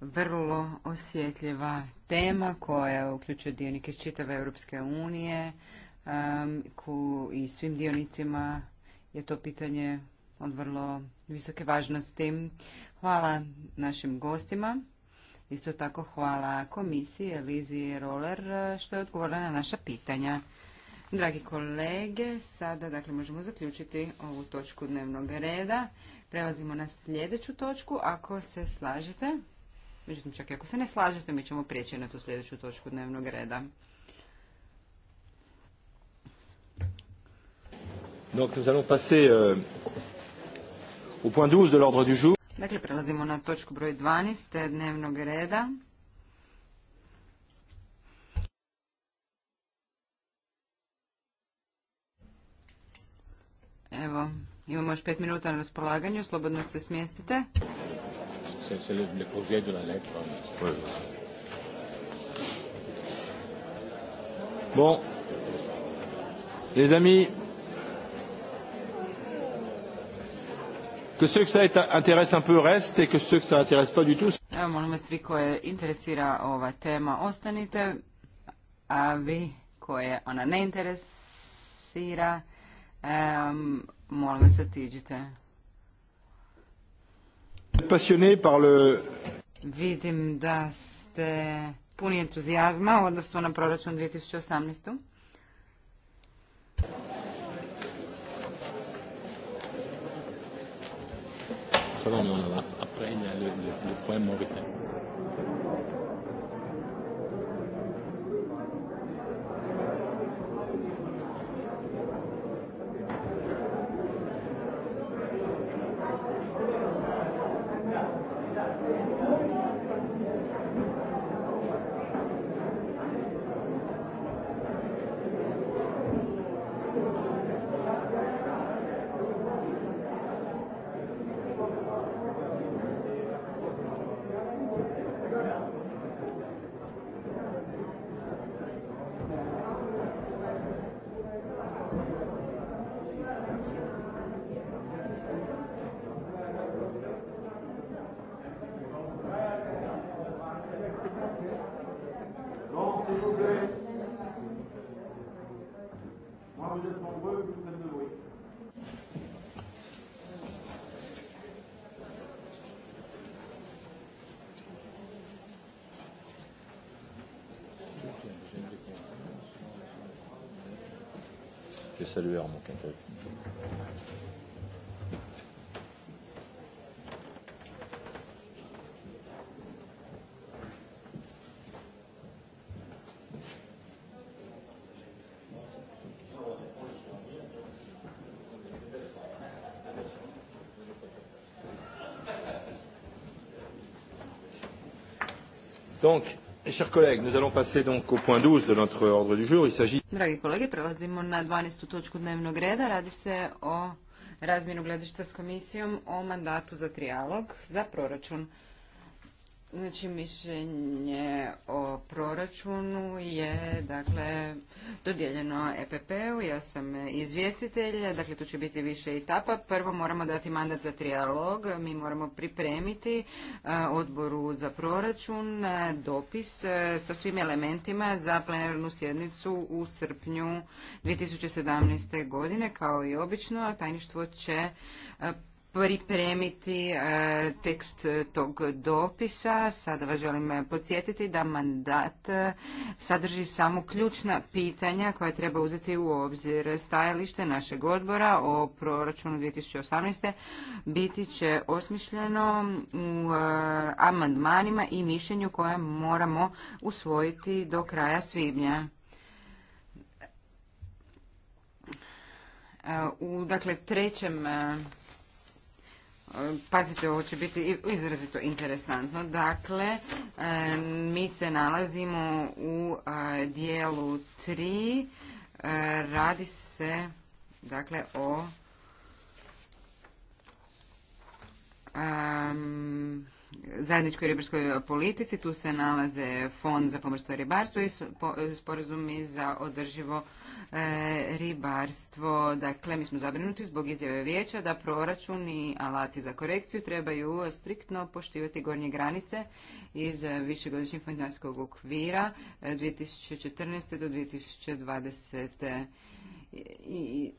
[SPEAKER 2] vrlo osjetljiva tema koja uključuje dionike iz čitave Europske unije um, ku, i svim dionicima je to pitanje od vrlo visoke važnosti. Hvala našim gostima. Isto tako hvala komisiji Elizi Roller što je odgovorila na naša pitanja. Dragi kolege, sada dakle možemo zaključiti ovu točku dnevnog reda. Prelazimo na sljedeću točku, ako se slažete. Međutim, čak i ako se ne slažete, mi ćemo prijeći na tu sljedeću točku dnevnog reda. Dakle, prelazimo na točku broj 12 dnevnog reda. Evo, imamo još pet minuta na raspolaganju, slobodno se smjestite.
[SPEAKER 1] Bon, les amis, que ceux que ça intéresse un peu restent et que ceux que ça intéresse pas du tout.
[SPEAKER 2] Evo, molim vas svi koje interesira ova tema, ostanite, a vi koje ona ne interesira, molim vas otiđite. Par le... Vidim da ste puni entuzijazma u odnosu na proračun 2018.
[SPEAKER 1] Pardon, mais on a après le, le, le mauritanien. saluer en manquant Donc, chers collègues, nous allons passer donc au point 12 de notre ordre du jour. Il s'agit Dragi
[SPEAKER 2] kolege, prelazimo na 12. točku dnevnog reda. Radi se o razmjenu gledišta s komisijom o mandatu za trijalog za proračun. Znači, mišljenje o proračunu je, dakle, dodijeljeno EPP-u, ja sam izvjestitelj, dakle, tu će biti više etapa. Prvo moramo dati mandat za trijalog, mi moramo pripremiti e, odboru za proračun e, dopis e, sa svim elementima za plenarnu sjednicu u srpnju 2017. godine, kao i obično, tajništvo će pripremiti e, tekst tog dopisa. Sada vas želim e, podsjetiti da mandat e, sadrži samo ključna pitanja koja treba uzeti u obzir. Stajalište našeg odbora o proračunu 2018. biti će osmišljeno u amandmanima i mišljenju koje moramo usvojiti do kraja svibnja. U dakle trećem Pazite, ovo će biti izrazito interesantno. Dakle, e, mi se nalazimo u e, dijelu 3. E, radi se, dakle, o zajedničkoj ribarskoj politici. Tu se nalaze fond za pomorstvo i ribarstvo i sporazumi za održivo E, ribarstvo. Dakle, mi smo zabrinuti zbog izjave vijeća da proračun i alati za korekciju trebaju striktno poštivati gornje granice iz višegodišnjeg financijskog okvira 2014. E, do 2020. I,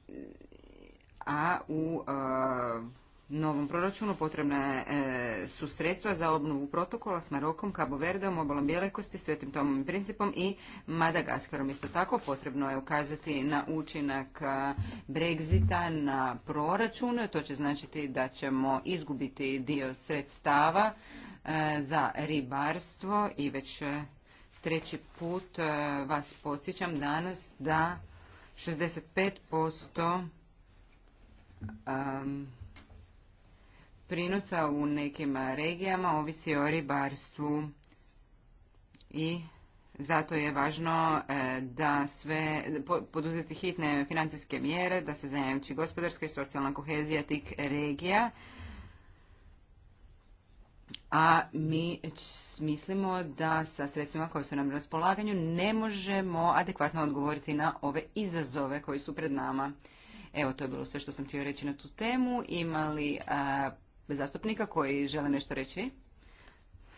[SPEAKER 2] a u e, novom proračunu potrebna e, su sredstva za obnovu protokola s Marokom, Cabo Verdeom, obalom Bjelekosti, Svetim Tomom Principom i Madagaskarom. Isto tako potrebno je ukazati na učinak e, Brexita na proračun. To će značiti da ćemo izgubiti dio sredstava e, za ribarstvo i već treći put vas podsjećam danas da 65% prinosa u nekim regijama ovisi o ribarstvu i zato je važno e, da sve poduzeti hitne financijske mjere, da se zajamči gospodarska i socijalna kohezija tih regija. A mi mislimo da sa sredstvima koje su nam na raspolaganju ne možemo adekvatno odgovoriti na ove izazove koji su pred nama. Evo, to je bilo sve što sam htio reći na tu temu. Imali zastupnika koji žele nešto reći.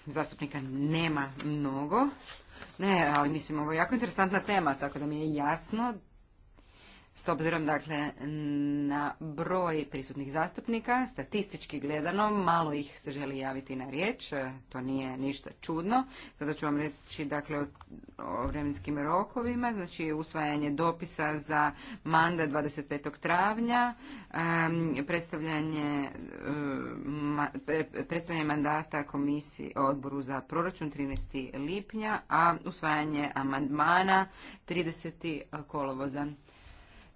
[SPEAKER 2] Zastupnika nema mnogo. Ne, ali mislim ovo je jako interesantna tema, tako da mi je jasno s obzirom dakle na broj prisutnih zastupnika, statistički gledano, malo ih se želi javiti na riječ, to nije ništa čudno. Sada ću vam reći dakle o, vremenskim rokovima, znači usvajanje dopisa za mandat 25. travnja, predstavljanje, e, predstavljanje mandata komisiji odboru za proračun 13. lipnja, a usvajanje amandmana 30. kolovoza.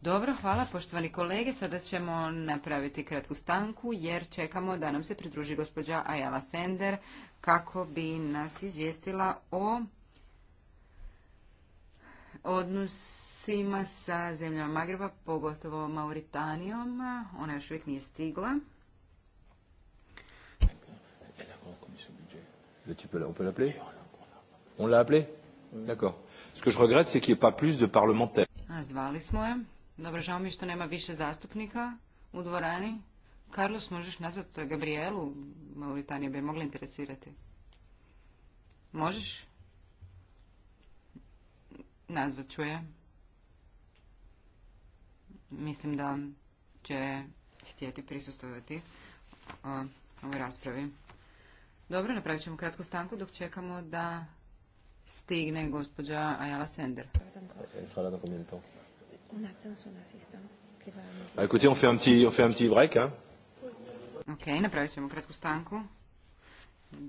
[SPEAKER 2] Dobro, hvala poštovani kolege. Sada ćemo napraviti kratku stanku jer čekamo da nam se pridruži gospođa Ayala Sender kako bi nas izvijestila o odnosima sa zemljama Magreba, pogotovo Mauritanijom. Ona još uvijek nije stigla. Zvali smo je. Dobro, žao mi što nema više zastupnika u dvorani. Carlos, možeš nazvat Gabrielu? Mauritanija bi mogla interesirati. Možeš? Nazvat ću je. Mislim da će htjeti prisustovati ovoj raspravi. Dobro, napravit ćemo kratku stanku dok čekamo da stigne gospođa Ajala Sender. On atteint son assistant.
[SPEAKER 1] Ah, écoutez, on fait un petit, on fait un petit break, hein.
[SPEAKER 2] Ok, napravit ćemo kratku stanku.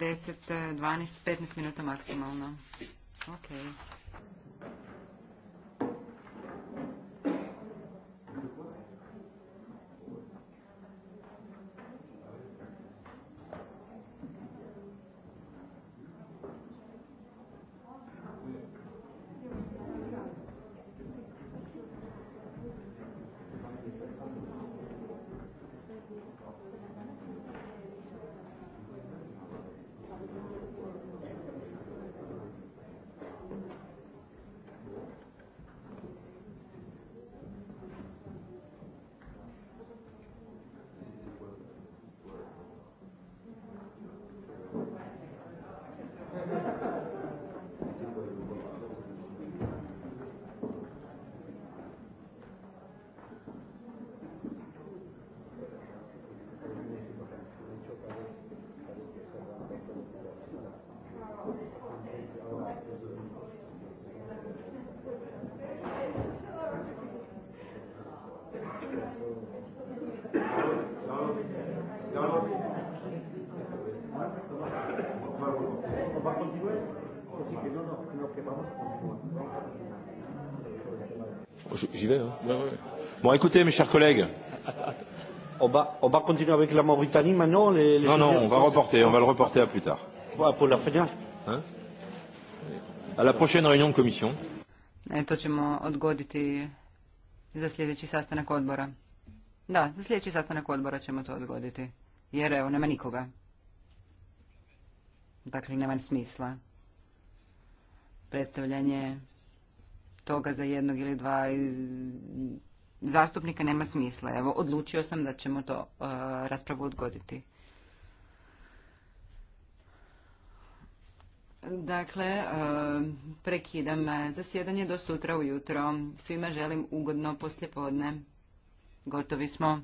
[SPEAKER 2] 10, 12, 15 minuta maksimalno. Ok.
[SPEAKER 1] Ouais, ouais. Bon, écoutez, mes chers collègues. On va, on va continuer avec la Mauritanie maintenant les, les Non, non, on va reporter, on va le reporter à plus tard. Ouais, pour la finale. Hein à la prochaine réunion de commission.
[SPEAKER 2] Et to ćemo odgoditi za sljedeći sastanak odbora. Da, za sljedeći sastanak odbora ćemo to odgoditi. Jer evo, nema nikoga. Dakle, nema smisla. Predstavljanje toga za jednog ili dva zastupnika nema smisla. Evo, odlučio sam da ćemo to e, raspravu odgoditi. Dakle, e, prekidam zasjedanje do sutra ujutro. Svima želim ugodno poslijepodne. Gotovi smo.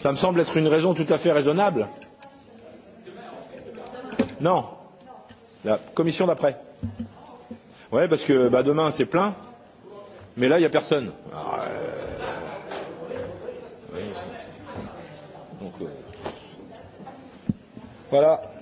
[SPEAKER 1] Ça me semble être une raison tout à fait raisonnable. Non. La commission d'après. Ouais, parce que bah, demain c'est plein, mais là il n'y a personne. Ah, euh... oui, Donc, euh... Voilà.